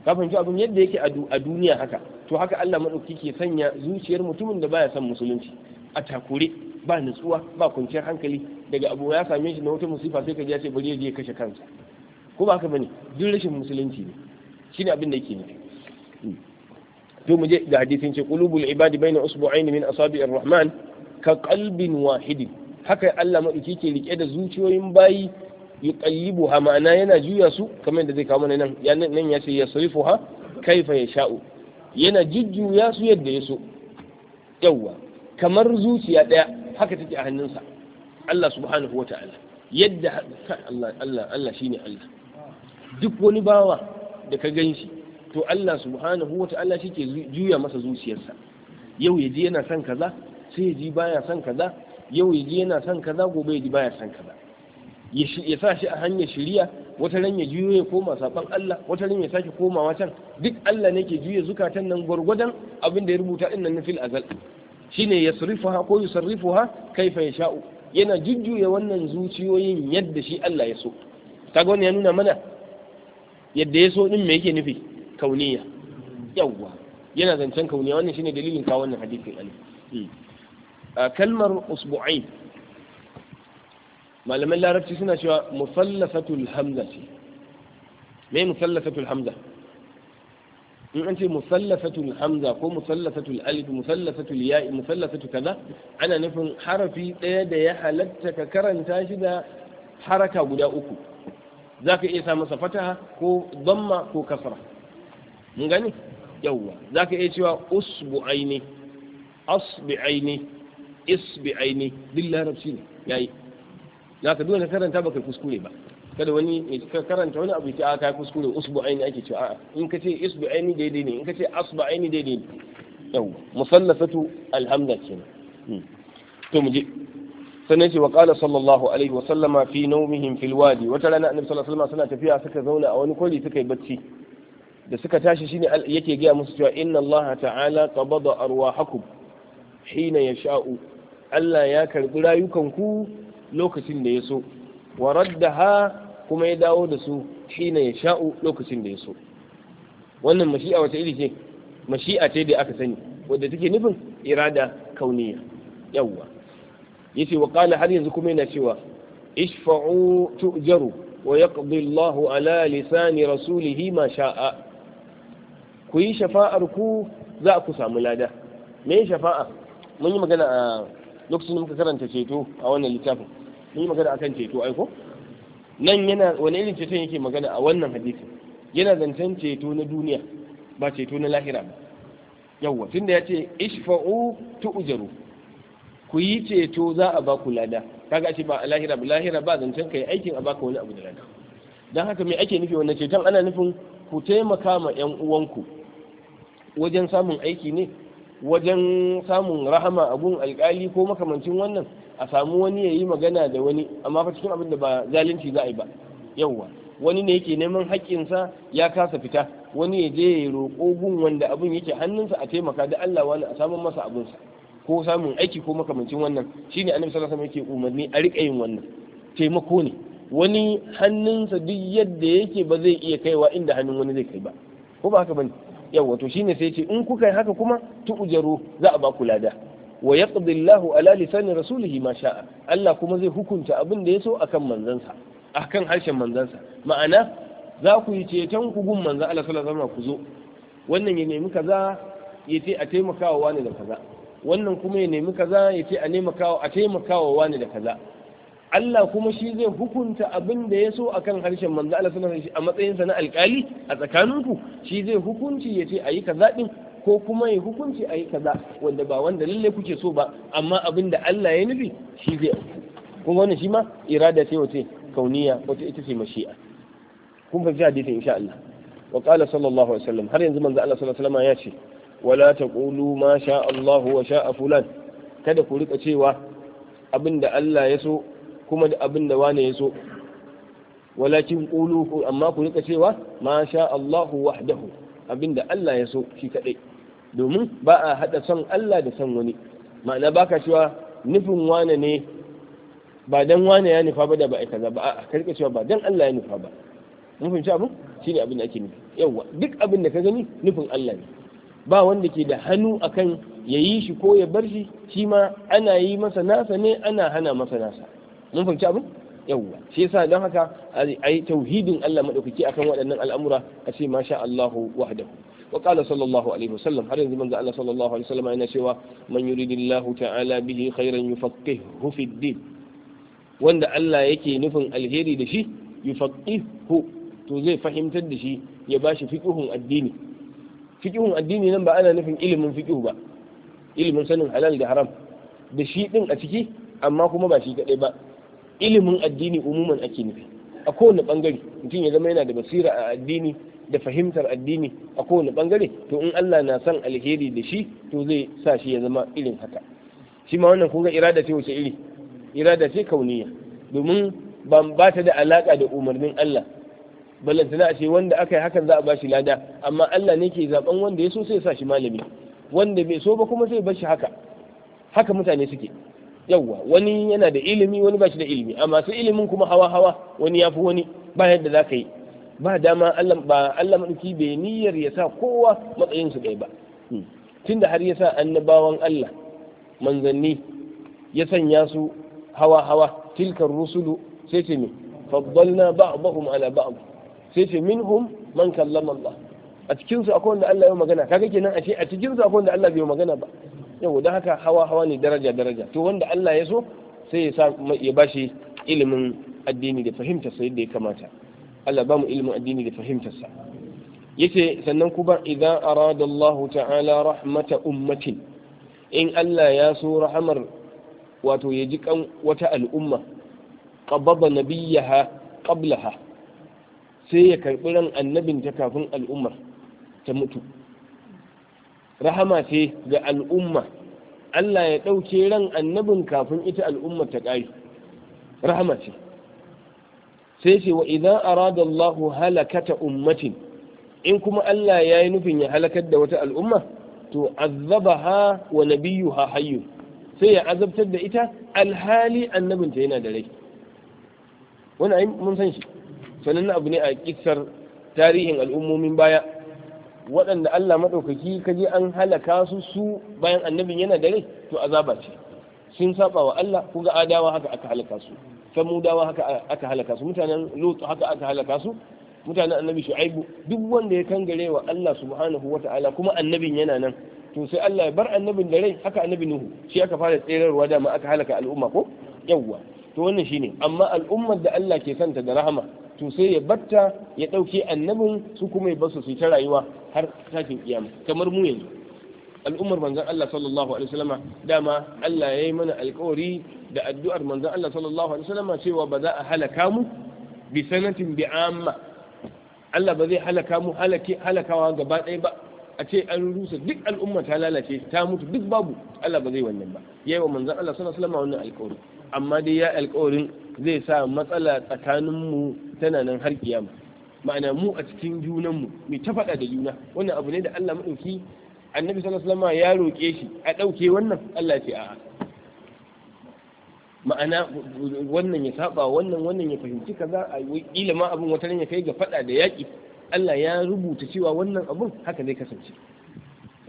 S1: ka fahimci abin yadda yake a duniya haka to haka Allah madauki ke sanya zuciyar mutumin da baya son musulunci a takure ba nutsuwa ba kwanciyar hankali daga abu ya same shi na wata musifa sai ka ji ya ce bari ya je kashe kansa ko ba haka bane duk rashin musulunci ne shine abin da yake nufi hmm. to mu je da hadisin ce qulubul ibadi baina usbu'ain min asabi'ir rahman ka qalbin wahidin haka Allah madauki ke rike da zuciyoyin bayi ha ma'ana yana juya su kamar da zai kawo mana nan nan ya ce yasrifuha kaifa yasha'u yana jujjuya su yadda ya so yawwa kamar zuciya daya haka take a hannunsa Allah subhanahu wa ta'ala yadda Allah Allah Allah shine Allah duk wani bawa da ka ganshi to Allah subhanahu wa ta'ala shike juya masa zuciyarsa yau ya ji yana son kaza sai ya ji baya son kaza yau ya ji yana son kaza gobe ya ji baya son kaza ya sa shi a hanyar shiriya wata ran ya juyo ya koma saban Allah wata ran ya sake komawa can duk Allah ne ke juya zukatan nan gwargwadon abin da ya rubuta din nan fil azal shine yasrifuha ko yusarrifuha kaifa sha'u. yana jujjuya wannan zuciyoyin yadda shi Allah ya so kaga wannan ya nuna mana yadda ya so din me yake nufi kauniya yawwa yana zancen kauniya wannan shine dalilin kawo wannan hadisin Ali hmm. kalmar usbu'ain malaman larabci suna cewa musallafatul hamza ce me musallafatul hamza in an ce musallafatul hamza ko musallafatul alif musallafatul ya'i musallafatu kaza ana nufin harafi ɗaya da ya halatta ka karanta shi da haraka guda uku za ka iya sa masa fataha ko damma ko kasra mun gani yawwa za ka iya cewa usbu aini asbi aini isbi aini duk larabci ne yayi za ka karanta baka kuskure ba kada wani ka karanta wani abu ta aka ah, kuskure usbu aini ake cewa a'a in ka ce isbu aini daidai ne in ka ce asbu aini daidai ne yau musallafatu alhamda kenan hmm. to mu je sannan ce wa qala sallallahu alaihi wa sallama fi nawmihim fil wadi wata rana annabi sallallahu alaihi suna tafiya suka zauna a wani kwari suka yi bacci da suka tashi shine yake gaya musu cewa inna Allah ta'ala qabada arwahakum hina yasha'u Allah ya karbi rayukanku lokacin da ya so wa raddaha kuma ya dawo da su shine ya sha'u lokacin da ya so wannan mashi'a wace iri ce mashi'a ce da aka sani wadda take nufin irada kauniya yawwa yace wa qala har yanzu kuma yana cewa ishfa'u tu'jaru wa yaqdi Allahu ala lisani rasulihi ma sha'a ku yi shafa'ar ku za ku samu lada me shafa'a mun yi magana a lokacin da muka karanta ceto a wannan littafin mun yi magana akan ceto ai ko nan yana wani irin ceton yake magana a wannan hadisi? yana zancen ceto na duniya ba ceto na lahira ba yawwa tunda ya ce ishfa'u tu'jaru ku yi ceto za a ba ku lada kaga ce ba lahira ba lahira ba zancen kai aikin a baka wani abu da lada dan haka me ake nufi wannan ceton ana nufin ku taimaka ma yan uwanku wajen samun aiki ne wajen samun rahama abun alkali ko makamancin wannan a samu wani ya yi magana da wani amma fa cikin abin da ba zalunci za a yi ba yawwa wani ne yake neman haƙƙinsa ya kasa fita wani ya je ya roƙo gun wanda abin yake hannunsa a taimaka da Allah wani a samun masa abunsa, ko samun aiki ko makamancin wannan shine annabi sallallahu alaihi wasallam yake umarni a riƙa yin wannan taimako ne wani hannunsa duk yadda yake ba zai iya kaiwa inda hannun wani zai kai ba ko ba haka bane Yawwa to shine sai ce in kuka yi haka kuma tu'jaru za a ba ku lada wa yaqdi Allahu ala lisani rasulihi ma sha'a Allah kuma zai hukunta abin da ya so a kan manzansa a kan harshen manzansa ma'ana za ku yi ceton ku gun manzan Allah sallallahu alaihi ku zo wannan ya nemi kaza ya ce a taimakawa wani da kaza wannan kuma ya nemi kaza ya ce a taimakawa a taimakawa wani da kaza Allah kuma shi zai hukunta abin da ya so a kan harshen manzo Allah sallallahu alaihi a matsayinsa na alkali a tsakaninku shi zai hukunci ya ce a yi kaza din ko kuma ya hukunci a yi kaza wanda ba wanda lalle kuke so ba amma abin da Allah ya nufi shi zai kun wannan shi ma irada ce wace kauniya wace ita ce mashi'a kun fahimci hadisin insha Allah wa qala sallallahu alaihi wasallam har yanzu manzo Allah sallallahu alaihi wasallam ya ce wala taqulu ma sha Allah wa sha fulan kada ku rika cewa abin da Allah ya so kuma da abin da wani ya so walakin qulu amma ku rika cewa ma sha Allah wahdahu abin da Allah ya so shi kaɗai domin ba a haɗa son Allah da son wani ma'ana baka cewa nufin wane ne ba dan wane ya nufa ba da ba kaza ba a karka cewa ba dan Allah ya nufa ba mun fahimci shi ne abin da ake nufi yawa duk abin da ka gani nufin Allah ne ba wanda ke da hannu akan ya yi shi ko ya bar shi shi ma ana yi masa nasa ne ana hana masa nasa mun fahimci abin yawwa shi yasa don haka ai tauhidin Allah madaukaki akan waɗannan al'amura a ce masha Allah wahdahu wa qala sallallahu alaihi wasallam har yanzu manzo Allah sallallahu alaihi wasallam yana cewa man yuridillahu ta'ala bihi khairan yufaqihuhu fid din wanda Allah yake nufin alheri da shi yufaqihu to zai fahimtar da shi ya bashi fiqhun addini fiqhun addini nan ba ana nufin ilimin fiqh ba ilimin sanin halal da haram da shi din a ciki amma kuma ba shi kadai ba ilimin addini umuman ake nufi a kowane bangare mutum ya zama yana da basira a addini da fahimtar addini a kowane bangare to in Allah na san alheri da shi to zai sa shi ya zama irin haka shi ma wannan kuka irada ce wace iri irada ce kauniya domin ba ta da alaka da umarnin Allah ballantana a ce wanda aka yi hakan za a bashi lada amma Allah ne ke zaben wanda ya so sai ya sa shi malami wanda bai so ba kuma sai ya bar shi haka haka mutane suke yawwa wani yana da ilimi wani ba shi da ilimi a masu ilimin kuma hawa hawa wani ya fi wani ba yadda za ka yi ba dama Allah ba Allah madauki bai niyyar ya sa kowa matsayin su ɗaya ba hmm. tunda har ya sa annabawan Allah manzanni ya sanya su hawa hawa tilkar rusulu sai ce me faddalna ba'dahum ala ba'd sai ce minhum man kallama Allah a cikin su akwai wanda Allah ya magana kaga kenan ce a cikin su akwai wanda Allah bai magana ba yau da haka hawa hawa ne daraja daraja to wanda Allah ya so sai ya sa ya bashi ilimin addini da fahimtar sa yadda ya kamata Allah ba mu ilimin addini da fahimtar sa yace sannan kuma idan arada Allah ta'ala rahmata ummatin in Allah ya so rahamar wato ya ji kan wata al'umma qababa nabiyyaha qablaha sai ya karbi ran ta kafin al'ummar ta mutu rahama ce ga al'umma Allah ya ɗauke ran annabin kafin ita al'ummar ta ƙari rahama ce sai ce wa idan arada Allah halakata ummatin in kuma Allah ya yi nufin ya halakar da wata al'umma to ha wa ha hayu sai ya azabtar da ita alhali annabinta yana da rai Wani mun san shi sanannu abu ne a ƙisar tarihin al'ummomin baya waɗanda Allah maɗaukaki ka je an halaka su su bayan annabin yana da rai to azaba ce sun saba wa Allah ku ga adawa haka aka halaka su samudawa haka aka halaka su mutanen lutu haka aka halaka su mutanen annabi shu'aibu duk wanda ya kangare wa Allah subhanahu wata'ala kuma annabin yana nan to sai Allah ya bar annabin da rai haka annabi nuhu shi aka fara tserarwa da ma aka halaka al'umma ko yawwa to wannan shine amma al'ummar da Allah ke santa da rahama to sai ya batta ya ɗauke annabin su kuma ya basu su ta rayuwa har tashin kiyama kamar mu yanzu al'ummar manzan Allah sallallahu alaihi wasallama dama Allah ya yi mana alƙawari da addu'ar manzan Allah sallallahu alaihi wasallama cewa ba za a halaka mu bi sanatin bi amma Allah ba zai halaka mu halakawa gaba ɗaya ba a ce an rusa duk al'umma ta lalace ta mutu duk babu Allah ba zai wannan ba yayi wa manzon Allah sallallahu alaihi wasallam wannan alƙawari amma dai ya alƙawarin zai sa matsala tsakanin mu tana nan har kiyama ma'ana mu a cikin junanmu mu ta faɗa da juna wannan abu ne da Allah maɗauki annabi sallallahu alaihi wasallam ya roƙe shi a ɗauke wannan Allah ce a'a ma'ana wannan ya saba wannan wannan ya fahimci kaza a ila ma abin wata ya kai ga faɗa da yaƙi Allah ya rubuta cewa wannan abun haka zai kasance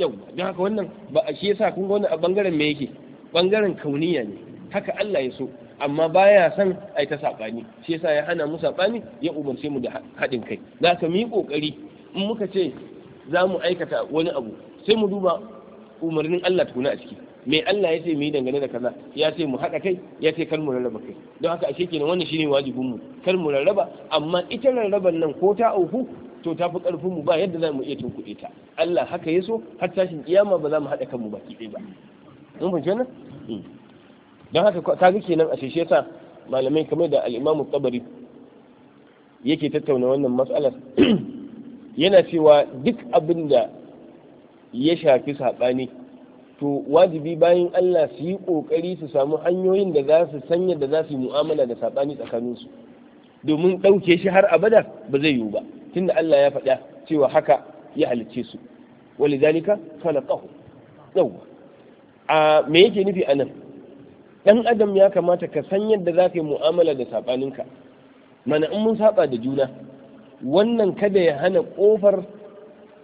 S1: yau don haka wannan ba a shi yasa kun ga wannan a bangaren me yake bangaren kauniya ne haka Allah ya so amma baya son ai ta sabani shi yasa ya hana mu sabani ya umarce mu da haɗin kai za ka mi kokari in muka ce za mu aikata wani abu sai mu duba umarnin Allah tukuna a ciki me Allah ya ce mu yi dangane da kaza ya ce mu haɗa kai ya ce kar mu rarraba kai don haka ashe kenan wannan shine wajibin mu kar mu rarraba amma ita rarraban nan ko ta auku to ta fi ƙarfin mu ba yadda za mu iya tunkuɗe ta Allah haka ya so har tashin kiyama ba za mu haɗa kanmu baki ɗaya ba mun fahimci don haka kaga kenan a sheshe sa malamai kamar da al'imamu imam Tabari yake tattauna wannan matsalar yana cewa duk abin da ya shafi saɓani to wajibi bayan Allah su yi ƙoƙari su samu hanyoyin da za su sanya da za su yi mu'amala da saɓani tsakaninsu domin ɗauke shi har abada ba zai yiwu ba tunda Allah ya faɗa cewa haka ya halicce su kana ƙahu yawwa a me yake nufi a nan Ɗan adam ya kamata ka san yadda za ka yi mu'amala da saɓaninka mana in mun saɓa da juna wannan kada ya hana ƙofar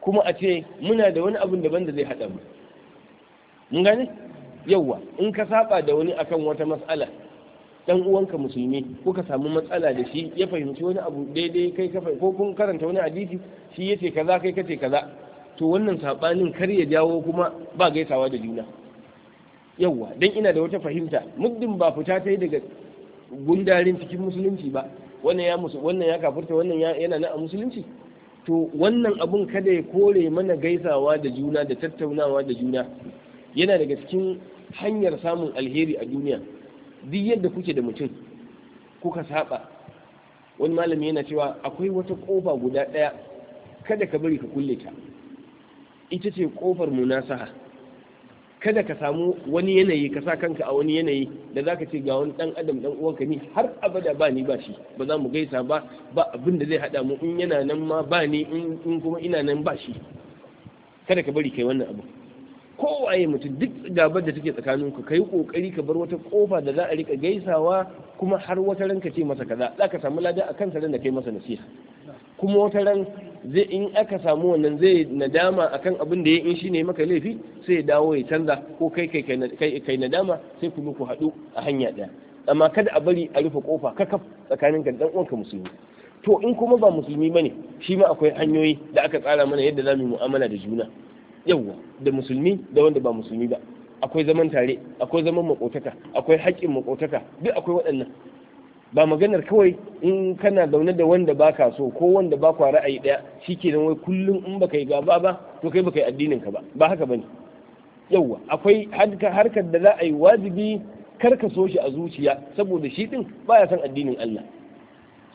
S1: kuma a ce muna da wani abin daban da zai haɗa mu mun gane yawwa in ka saɓa da wani akan wata matsala dan uwanka musulmi kuka samu matsala da shi ya fahimci wani abu daidai kai ka ko kun karanta wani hadisi shi yace kaza kai kace kaza to wannan saɓanin kar ya jawo kuma ba gaisawa da juna yawwa dan ina da wata fahimta muddin ba fita ta yi daga gundarin cikin musulunci ba wannan ya musu wannan ya kafurta wannan yana na musulunci to wannan abun kada ya kore mana gaisawa da juna da tattaunawa da juna yana daga cikin hanyar samun alheri a duniya duk yadda kuke da mutum kuka saba wani malami yana cewa akwai wata kofa guda ɗaya kada ka bari ka kulle ta ita ce kofar munasaha kada ka samu wani yanayi ka sa kanka a wani yanayi da zaka ce ga wani dan adam dan uwanka ni har abada ba ni ba shi ba za mu gaisa ba ba abin da zai hada mu in yana nan ma ba ni in kuma ina nan ba shi kada ka bari kai wannan abu kowaye mutum duk gabar da take tsakanin ku kai kokari ka bar wata kofa da za a rika gaisawa kuma har wata ranka ce masa kaza za ka samu lada akan ran da kai masa nasiha kuma wata ran zai in aka samu wannan zai nadama akan abin da ya in shine maka laifi sai ya dawo ya canza ko kai kai kai nadama sai ku ku hadu a hanya ɗaya amma kada a bari a rufe kofa kakaf tsakanin ka dan uwanka musulmi to in kuma ba musulmi bane shi ma akwai hanyoyi da aka tsara mana yadda za yi mu'amala da juna yawa da musulmi da wanda ba musulmi ba akwai zaman tare akwai zaman makotaka akwai haƙƙin makotaka duk akwai waɗannan ba maganar kawai in kana zaune da wanda baka so ko wanda ba kwa ra'ayi daya nan wai kullum in baka yi gaba ba to kai baka yi addinin ka ba ba haka bane yauwa akwai harkar da za a yi wajibi kar ka so shi a zuciya saboda shi din baya san addinin Allah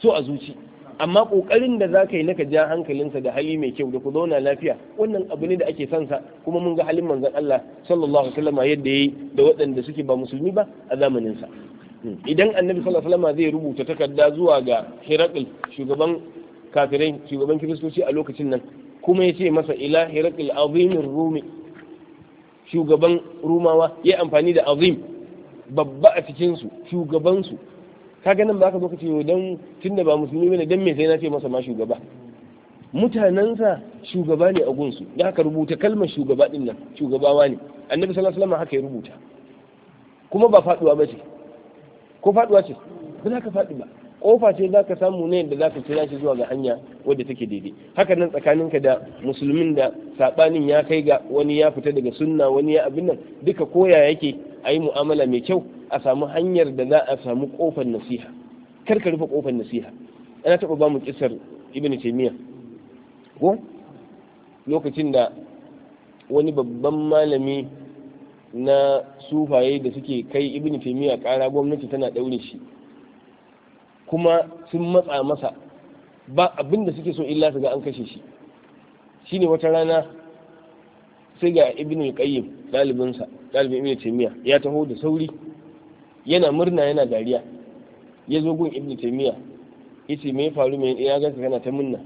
S1: so a zuci amma kokarin da zaka yi naka ja hankalinsa da hali mai kyau da ku zauna lafiya wannan abu ne da ake son sa kuma mun ga halin manzon Allah sallallahu alaihi wasallam yadda yayi da waɗanda suke ba musulmi ba a zamanin sa idan annabi sallallahu alaihi wasallam zai rubuta takarda zuwa ga Herakl shugaban kafirai shugaban kiristoci a lokacin nan kuma ya ce masa ila Herakl azimin rumi shugaban rumawa ya amfani da azim babba a cikin su shugaban su kaga nan ba ka zo ka ce dan tunda ba musulmi bane dan me sai na ce masa ma shugaba mutanensa shugaba ne a gunsu da haka rubuta kalmar shugaba din shugabawa ne annabi sallallahu alaihi wasallam haka ya rubuta kuma ba faduwa ba ce ko faduwa ce ba za ka faɗi ba kofa ce za ka samu ne da za ka kira shi zuwa ga hanya wadda take daidai haka nan tsakaninka da musulmin da saɓanin ya kai ga wani ya fita daga sunna wani ya abin nan duka koya yake a yi mu'amala mai kyau a samu hanyar da za a samu kofar nasiha kar ka rufe kofar nasiha ana taɓa ba mu kisar ibn taymiya ko lokacin da wani babban malami na sufaye da suke kai ibn taymiya kara gwamnati tana daure shi kuma sun matsa masa ba abin da suke so illa su ga an kashe shi shine wata rana sai ga ibn qayyim dalibinsa dalibin ibn taymiya ya taho da sauri yana murna yana dariya ya zo gun ibn taymiya yace me faru me ya ganka kana ta munna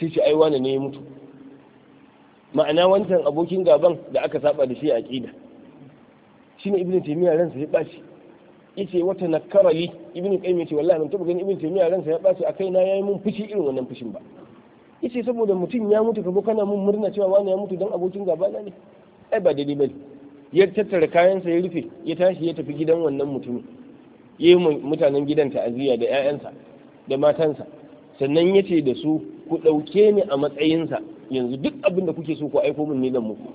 S1: sai ce ai wani ne ya mutu ma'ana wancan abokin gaban da aka saba da shi a aqida shine ibn taymiya ransa ya ya yace wata na li ibn qayyim yace wallahi ban taba ganin ibn taymiya ransa ya bashi akai na yayi mun fushi irin wannan fushin ba yace saboda mutum ya mutu kaga kana mun murna cewa wani ya mutu dan abokin gaba na ne ai ba dai bane ya tattara kayansa ya rufe ya tashi ya tafi gidan wannan mutumin ya yi mutanen gidan ta'aziyya da 'ya'yansa da matansa sannan ya ce da su ku ɗauke ni a matsayinsa yanzu duk abin da kuke so ku aiko min ni dan muku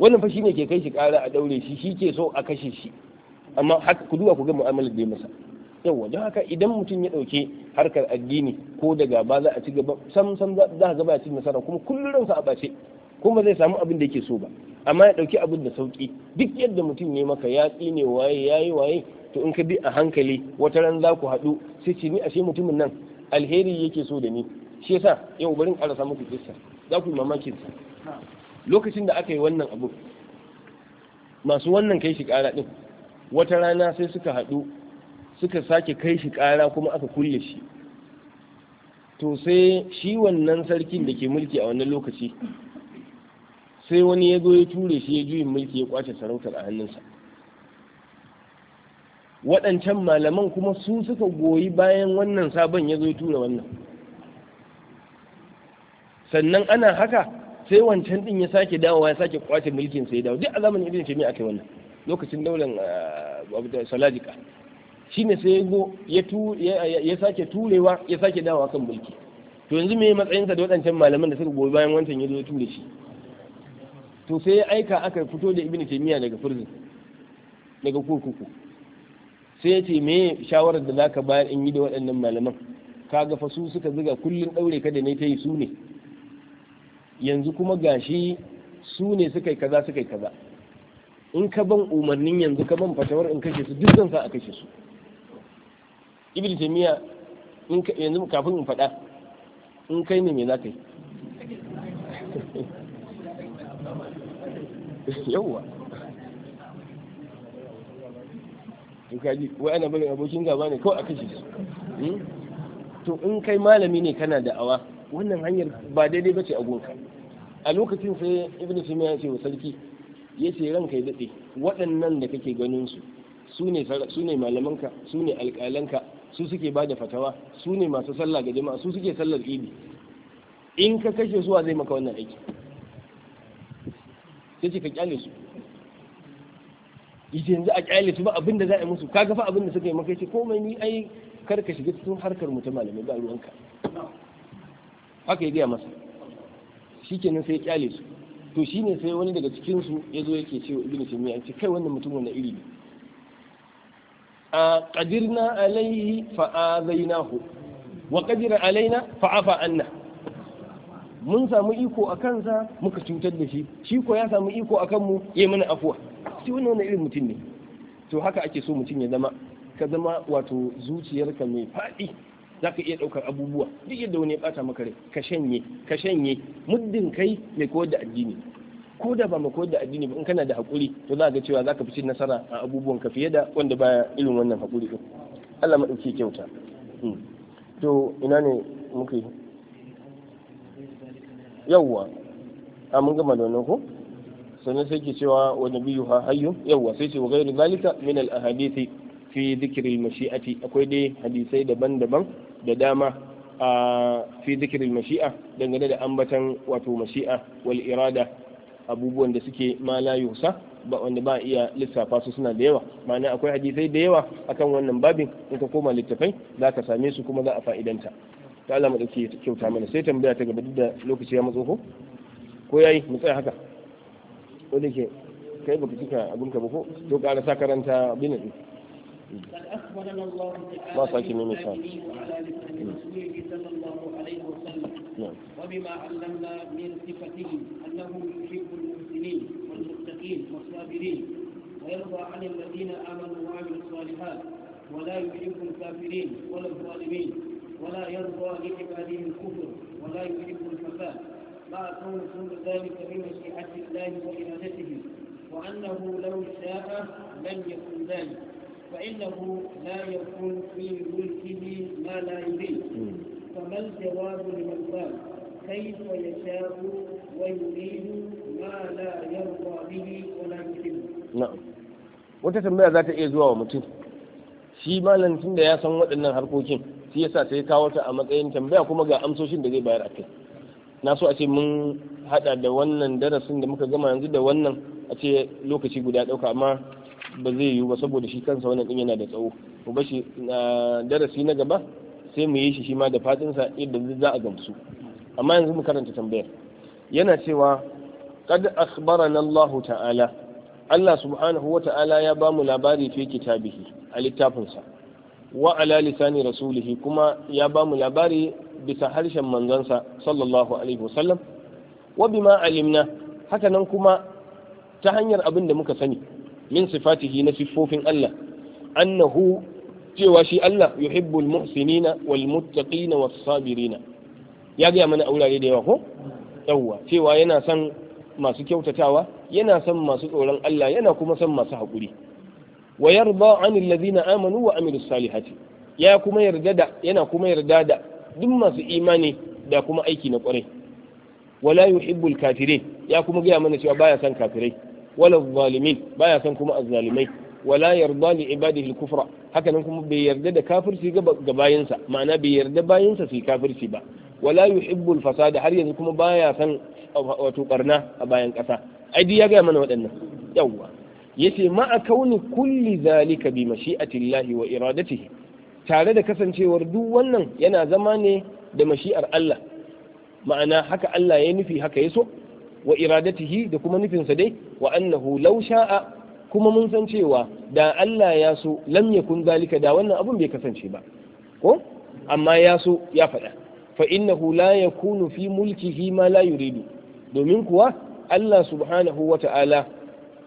S1: wannan fashi ne ke kai shi kara a daure shi shi ke so a kashe shi amma haka ku duba ku ga mu'amalar da ya masa yawa don haka idan mutum ya dauke harkar addini ko da gaba za a ci gaba sam sam za a gaba a ci nasara kuma kullum sa a bace kuma zai samu abin da yake so ba amma ya ɗauki abin da sauki duk yadda mutum ne maka ya tsine waye yayi waye to in ka bi a hankali wata ran za ku haɗu sai ce ni ashe mutumin nan alheri yake so da ni shi yasa yau barin ƙarasa muku kissa za ku yi mamakin sa lokacin da aka yi wannan abu masu wannan kai shi kara ɗin wata rana sai suka haɗu suka sake kai shi kara kuma aka kulle shi to sai shi wannan sarkin da ke mulki a wannan lokaci sai wani ya zo ya ture shi ya juyin mulki ya kwace sarautar a hannunsa waɗancan malaman kuma su suka goyi bayan wannan sabon ya zo ya tura wannan sannan ana haka sai wancan din ya sake dawowa ya sake kwace mulkin sai dawo duk a zamanin ibn taymiya akai wannan lokacin daular uh, salajika shine sai ya go ya sake turewa ya sake dawowa kan mulki to yanzu me matsayinsa da waɗancan malaman da suka goyi bayan wancan ya ture shi to sai ya aika aka fito da ibn taymiya daga prison daga kurkuku sai ya ce me shawarar da zaka bayar in yi da waɗannan malaman kaga fa su suka zuga kullun daure ka da ne ta yi su ne yanzu kuma gashi su ne suka yi kaza suka yi kaza in ka ban umarnin yanzu ka ban fatawar in kashe su duk zan sa a kashe su ibn taymiya in yanzu kafin in faɗa in kai ne me za ka yi yawwa in ka ji wai ana bari abokin gaba ne kawai a kashe su hmm? to in kai malami ne kana da'awa wannan hanyar ba daidai ba ce a gonka a lokacin sai ibn sima ya ce wa sarki ya ce ranka ya daɗe waɗannan da kake ganin su su ne malamanka su ne alƙalanka su suke ba da fatawa su ne masu sallah ga jama'a su suke sallar idi in ka kashe suwa zai maka wannan aiki sai ce ka kyale su yace yanzu a kyale su ba abin da za a yi musu kaga fa abin da suka yi maka ce komai ni ai kar ka shiga cikin harkar mu ta malamai ba ruwanka haka ya gaya masa shikenan sai ya kyale su to shine sai wani daga cikin su yazo yake cewa ibnu taymiya an ce kai wannan mutum wannan iri ne a qadirna alaihi fa azainahu wa qadira alaina fa afa anna mun samu iko a kansa muka cutar da shi shi ko ya samu iko a kanmu ya mana afuwa shi wannan wani irin mutum ne to haka ake so mutum ya zama ka zama wato zuciyarka mai faɗi za ka iya ɗaukar abubuwa duk yadda wani ya ɓata maka rai ka shanye ka shanye muddin kai mai koyar da addini ko da ba mai koyar da addini ba in kana da haƙuri to za ga cewa za ka fi cin nasara a abubuwan ka fiye da wanda baya irin wannan haƙuri ɗin Allah ma ɗauki kyauta hmm. to ina ne muke yawwa a mun gama da wannan ko sannan sai ke cewa wani biyu ha hayyu yawwa sai ce wa gairu zalika min al ahadithi fi zikirin mashi'ati akwai dai hadisai daban-daban da dama a fi zikirin mashi'a dangane da ambatan wato mashi'a wal irada abubuwan da suke ma la ba wanda ba iya lissafa su suna da yawa ma'ana akwai hadisai da yawa akan wannan babin in ka koma littafai za ka same su kuma za a fa'idanta ta da ke kyauta mana sai tambaya ta gaba da lokaci ya matso ko yayi mu tsaya haka ko da ke kai baka cika abinka ba ko to ƙara sa karanta binin
S2: قد أخبرنا الله تعالى وعلى لسان رسوله صلى الله عليه وسلم نعم. وبما علمنا من صفته أنه يحب المحسنين والمتقين والصابرين ويرضى عن الذين آمنوا وعملوا الصالحات ولا يحب الكافرين ولا الظالمين ولا يرضى لعباده الكفر ولا يحب الفساد ما كون كل ذلك بمشيئة الله وإرادته وأنه لو شاء لم يكن ذلك فإنه لا يكون في ملكه ما لا يريد فما الجواب لمن قال كيف يشاء ويريد ما لا يرضى به ولا يحبه
S1: نعم wata tambaya za ta iya zuwa wa mutum shi malam tun da ya san waɗannan harkokin shi yasa sai kawo ta a matsayin tambaya kuma ga amsoshin da zai bayar a kai na so a ce mun hada da wannan darasin da muka gama yanzu da wannan a ce lokaci guda ɗauka amma ba zai yiwu ba saboda shi kansa wannan din yana da tsawo mu bashi darasi na gaba sai mu yi shi shi ma da fatinsa yadda za a gamsu amma yanzu mu karanta tambayar yana cewa qad akhbarana Allah ta'ala Allah subhanahu wa ta'ala ya ba mu labari fi kitabihi a littafinsa wa ala lisani rasulihi kuma ya ba mu labari bisa harshen manzansa sallallahu alaihi wasallam wa bima alimna haka nan kuma ta hanyar abin da muka sani min sifatihi na siffofin Allah annahu cewa shi Allah yuhibbul muhsinina wal muttaqina was sabirina ya gaya mana a wurare da yawa ko yawwa cewa yana son masu kyautatawa yana son masu tsoron Allah yana kuma son masu haƙuri wa yarda amanu wa amilus salihati ya kuma yarda da yana kuma yarda da duk masu imani da kuma aiki na kwarai wala yuhibbul kafirin ya kuma gaya mana cewa baya son kafirai wala zalimin baya san kuma azzalimai wala yarda li ibadihi al-kufra haka nan kuma bai yarda da kafirci ga bayinsa ma'ana bai yarda bayinsa su kafirci ba wala yuhibbu al-fasada har yanzu kuma baya san wato barna a bayan kasa ai ya ga mana waɗannan yawwa yace ma'a kauni kulli zalika bi mashi'atillahi wa iradatihi tare da kasancewar duk wannan yana zama ne da mashi'ar Allah ma'ana haka Allah ya nufi haka ya so wa iradatihi da kuma nufinsa dai wa annahu law sha'a kuma mun san cewa da Allah ya so lam yakun zalika da wannan abun bai kasance ba ko amma ya so ya faɗa fa innahu la yakunu fi mulkihi ma la yuridu domin kuwa Allah subhanahu wata'ala ta'ala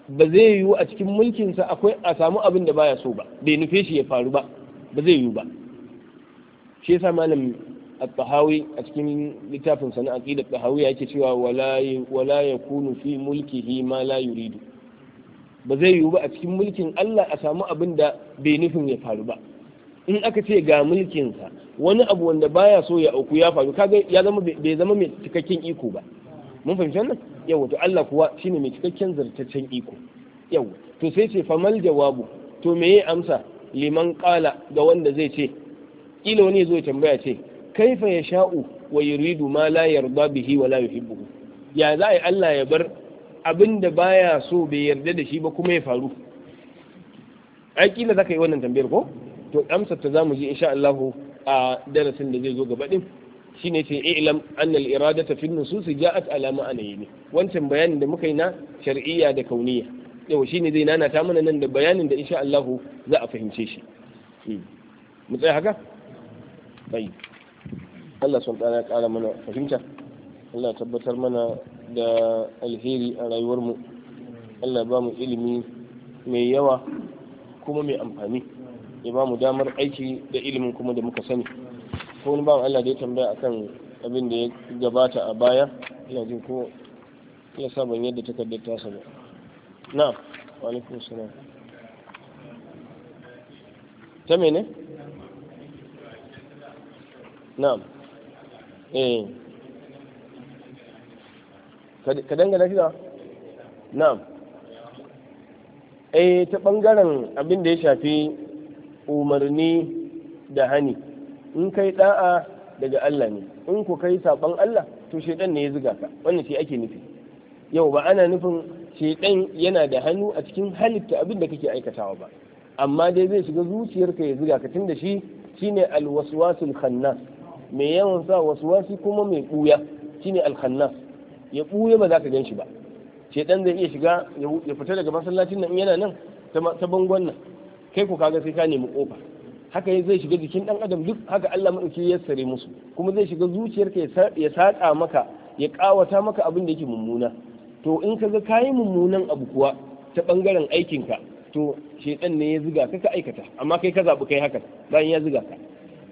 S1: ba zai yiwu a cikin mulkinsa akwai a samu abin da baya so ba bai nufe shi ya faru ba ba zai yiwu ba shi yasa malam at a cikin littafin sana aqidat yake cewa wala wala yakunu fi mulkihi ma la yuridu ba zai yiwu ba a cikin mulkin Allah a samu abin da bai nufin ya faru ba in aka ce ga mulkinsa wani abu wanda baya so ya auku ya faru kaga ya zama bai zama mai cikakken iko ba mun fahimci wannan yawa to Allah kuwa shine mai cikakken zartaccen iko yawa to sai ce famal jawabu to meye amsa liman qala ga wanda zai ce kila wani zo tambaya ce kaifa ya sha'u wa yuridu ma la yarda bihi wa la yuhibbuhu ya za a yi Allah ya bar abin da baya so bai yarda da shi ba kuma ya faru ai kila zaka yi wannan tambayar ko to amsar ta zamu ji insha Allah a darasin da zai zo gaba din shine ce i'lam anna al-iradata fi an-nusus ja'at ala ma'anayn wancan bayanin da muka yi na shar'iyya da kauniyya yau shine zai nana ta mana nan da bayanin da insha Allah za a fahimce shi hmm. mu tsaya haka طيب Allah sun ɗana ya ƙara mana fahimta Allah tabbatar mana da alheri a rayuwarmu Allah ba mu ilimi mai yawa kuma mai amfani ya ba mu damar aiki da ilimin kuma da muka sani ko wani mu Allah da ya tambaya akan abin da ya gabata a baya ina jin ko ya sa ban yadda takardar ta ba na wa alaikum salam ta mene na'am eh ka dangana shi da na'am eh ta bangaren abin da ya shafi umarni da hani in kai da'a daga Allah ne in ku kai saban Allah to shaidan ne ya zuga ka wannan shi ake nufi yau ba ana nufin shaidan yana da hannu a cikin halitta abin da kake aikatawa ba amma dai zai shiga zuciyarka ya zuga ka tun da shi shine alwaswasul khannas mai yawan sa wasu wasu kuma mai ɓuya shine alkhannas ya ɓuya ba za ka gan shi ba shedan zai iya shiga ya fita daga masallacin nan yana nan ta bangon nan kai ku kaga sai ka nemi kofa haka zai shiga jikin dan adam duk haka Allah madauki ya sare musu kuma zai shiga zuciyarka ya saƙa maka ya ƙawata maka abin da yake mummuna to in ka ga kayi mummunan abu kuwa ta bangaren aikinka to shedan ne ya ziga ka ka aikata amma kai ka zaɓi kai haka bayan ya ziga ka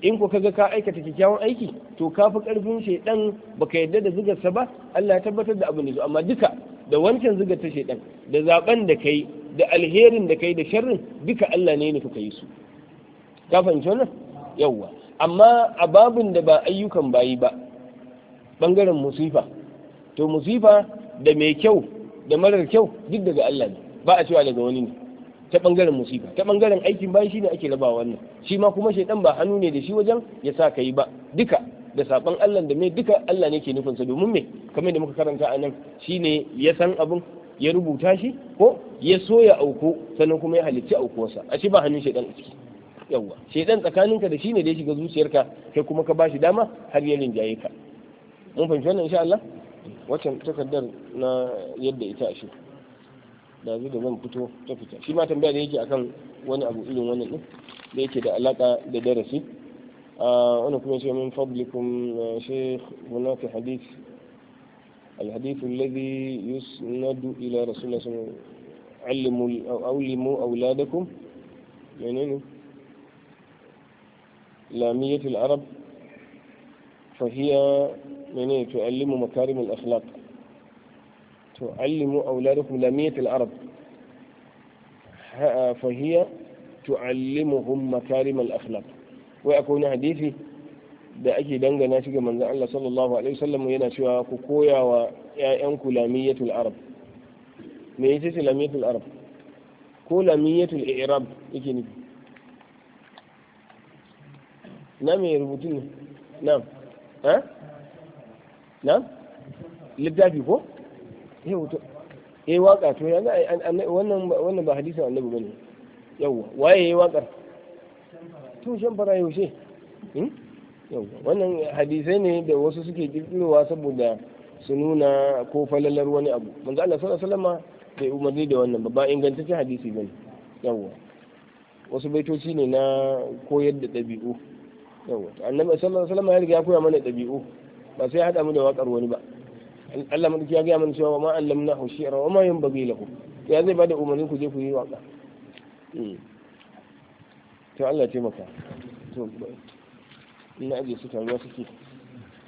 S1: in ko kaga ka aikata kyakkyawan aiki to ka fi karfin shaidan baka yadda da zigarsa ba Allah ya tabbatar da abin da amma duka da wancan zugar ta shaidan da zaben da kai da alherin da kai da sharrin duka Allah ne ne kuka yi su ka fahimci wannan yawwa amma a babin da ba ayyukan bayi ba bangaren musifa to musifa da mai kyau da marar kyau duk daga Allah ne ba a cewa daga wani ne ta bangaren musiba ta bangaren aikin bayan shine ake raba wannan shi ma kuma shaidan ba hannu ne da shi wajen ya sa ka yi ba duka da saban Allah da me duka Allah ne ke nufinsa domin me kamar da muka karanta a nan shine ya san abin ya rubuta shi ko ya so ya auku sannan kuma ya halicci aukuwarsa a shi ba hannun shaidan a ciki yawwa shaidan tsakaninka da shi ne da ya shiga zuciyarka kai kuma ka bashi dama har ya rinjaye ka mun fahimci wannan insha Allah wacce takardar na yadda ita a shi da da zan fito ta fita shi ma tambaya da yake akan wani abu irin wannan din da yake da alaka da darasi a wannan kuma shi min fadlikum shaykh hunaka hadith الحديث الذي يسند إلى رسول الله صلى الله عليه وسلم علموا أولموا أولادكم يعني لامية العرب فهي يعني تعلم مكارم الأخلاق تعلم أولادكم لمية الأرض فهي تعلمهم مكارم الأخلاق ويكون حديثي da ake dangana shi ga manzon Allah sallallahu alaihi wasallam yana cewa ku koya wa ku lamiyatul arab me yace lamiyatul arab ko lamiyatul i'rab yake nufi na me rubutu ne na ha na littafi ko sai hoto yayi waka to ya wannan wannan ba hadisin annabi bane yawa waye yayi wakar to shan fara yaushe hmm? yawa wannan hadisai ne da wasu suke kirkirowa saboda su nuna ko falalar wani abu manzo Allah sallallahu alaihi wasallam bai umarni da wannan ba ingantaccen hadisi bane yawa wasu baitoci ne na koyar da ɗabi'u yawa annabi sallallahu alaihi wasallam ya riga ya koya mana ɗabi'u ba sai ya hada mu da wakar wani ba Allah madaki ya gaya mana cewa ma allamna hu shi'ra wa ma yanbaghi lahu ya zai bada umarni ku je ku yi waka hmm. to Allah ya taimaka to ina aje su taruwa suke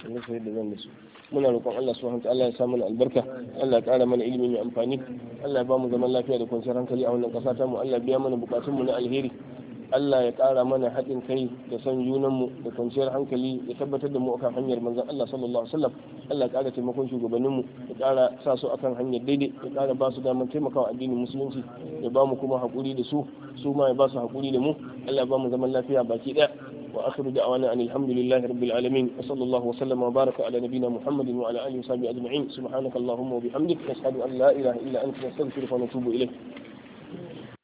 S1: Allah sai da zan da su muna roƙon Allah subhanahu wa ta'ala ya sa mana albarka Allah ya ƙara mana ilimi mai amfani Allah ya ba mu zaman lafiya da kwanciyar hankali a wannan ƙasa ta mu Allah ya biya mana bukatunmu mu na alheri Allah ya ƙara mana haɗin kai da son junanmu da kwanciyar hankali ya tabbatar da mu akan hanyar manzan Allah sallallahu alaihi wasallam Allah ya ƙara taimakon shugabanninmu ya ƙara sa su akan hanyar daidai ya ƙara ba su damar taimakawa addinin musulunci ya ba mu kuma haƙuri da su su ma ya ba su haƙuri da mu Allah ya ba mu zaman lafiya baki ɗaya wa akhiru da'wana anil hamdulillahi rabbil alamin wa sallallahu wa sallama wa baraka ala nabiyyina muhammadin wa ala alihi wa sahbihi ajma'in subhanakallahumma wa bihamdika nashhadu an la ilaha illa anta nastaghfiruka wa natubu ilayk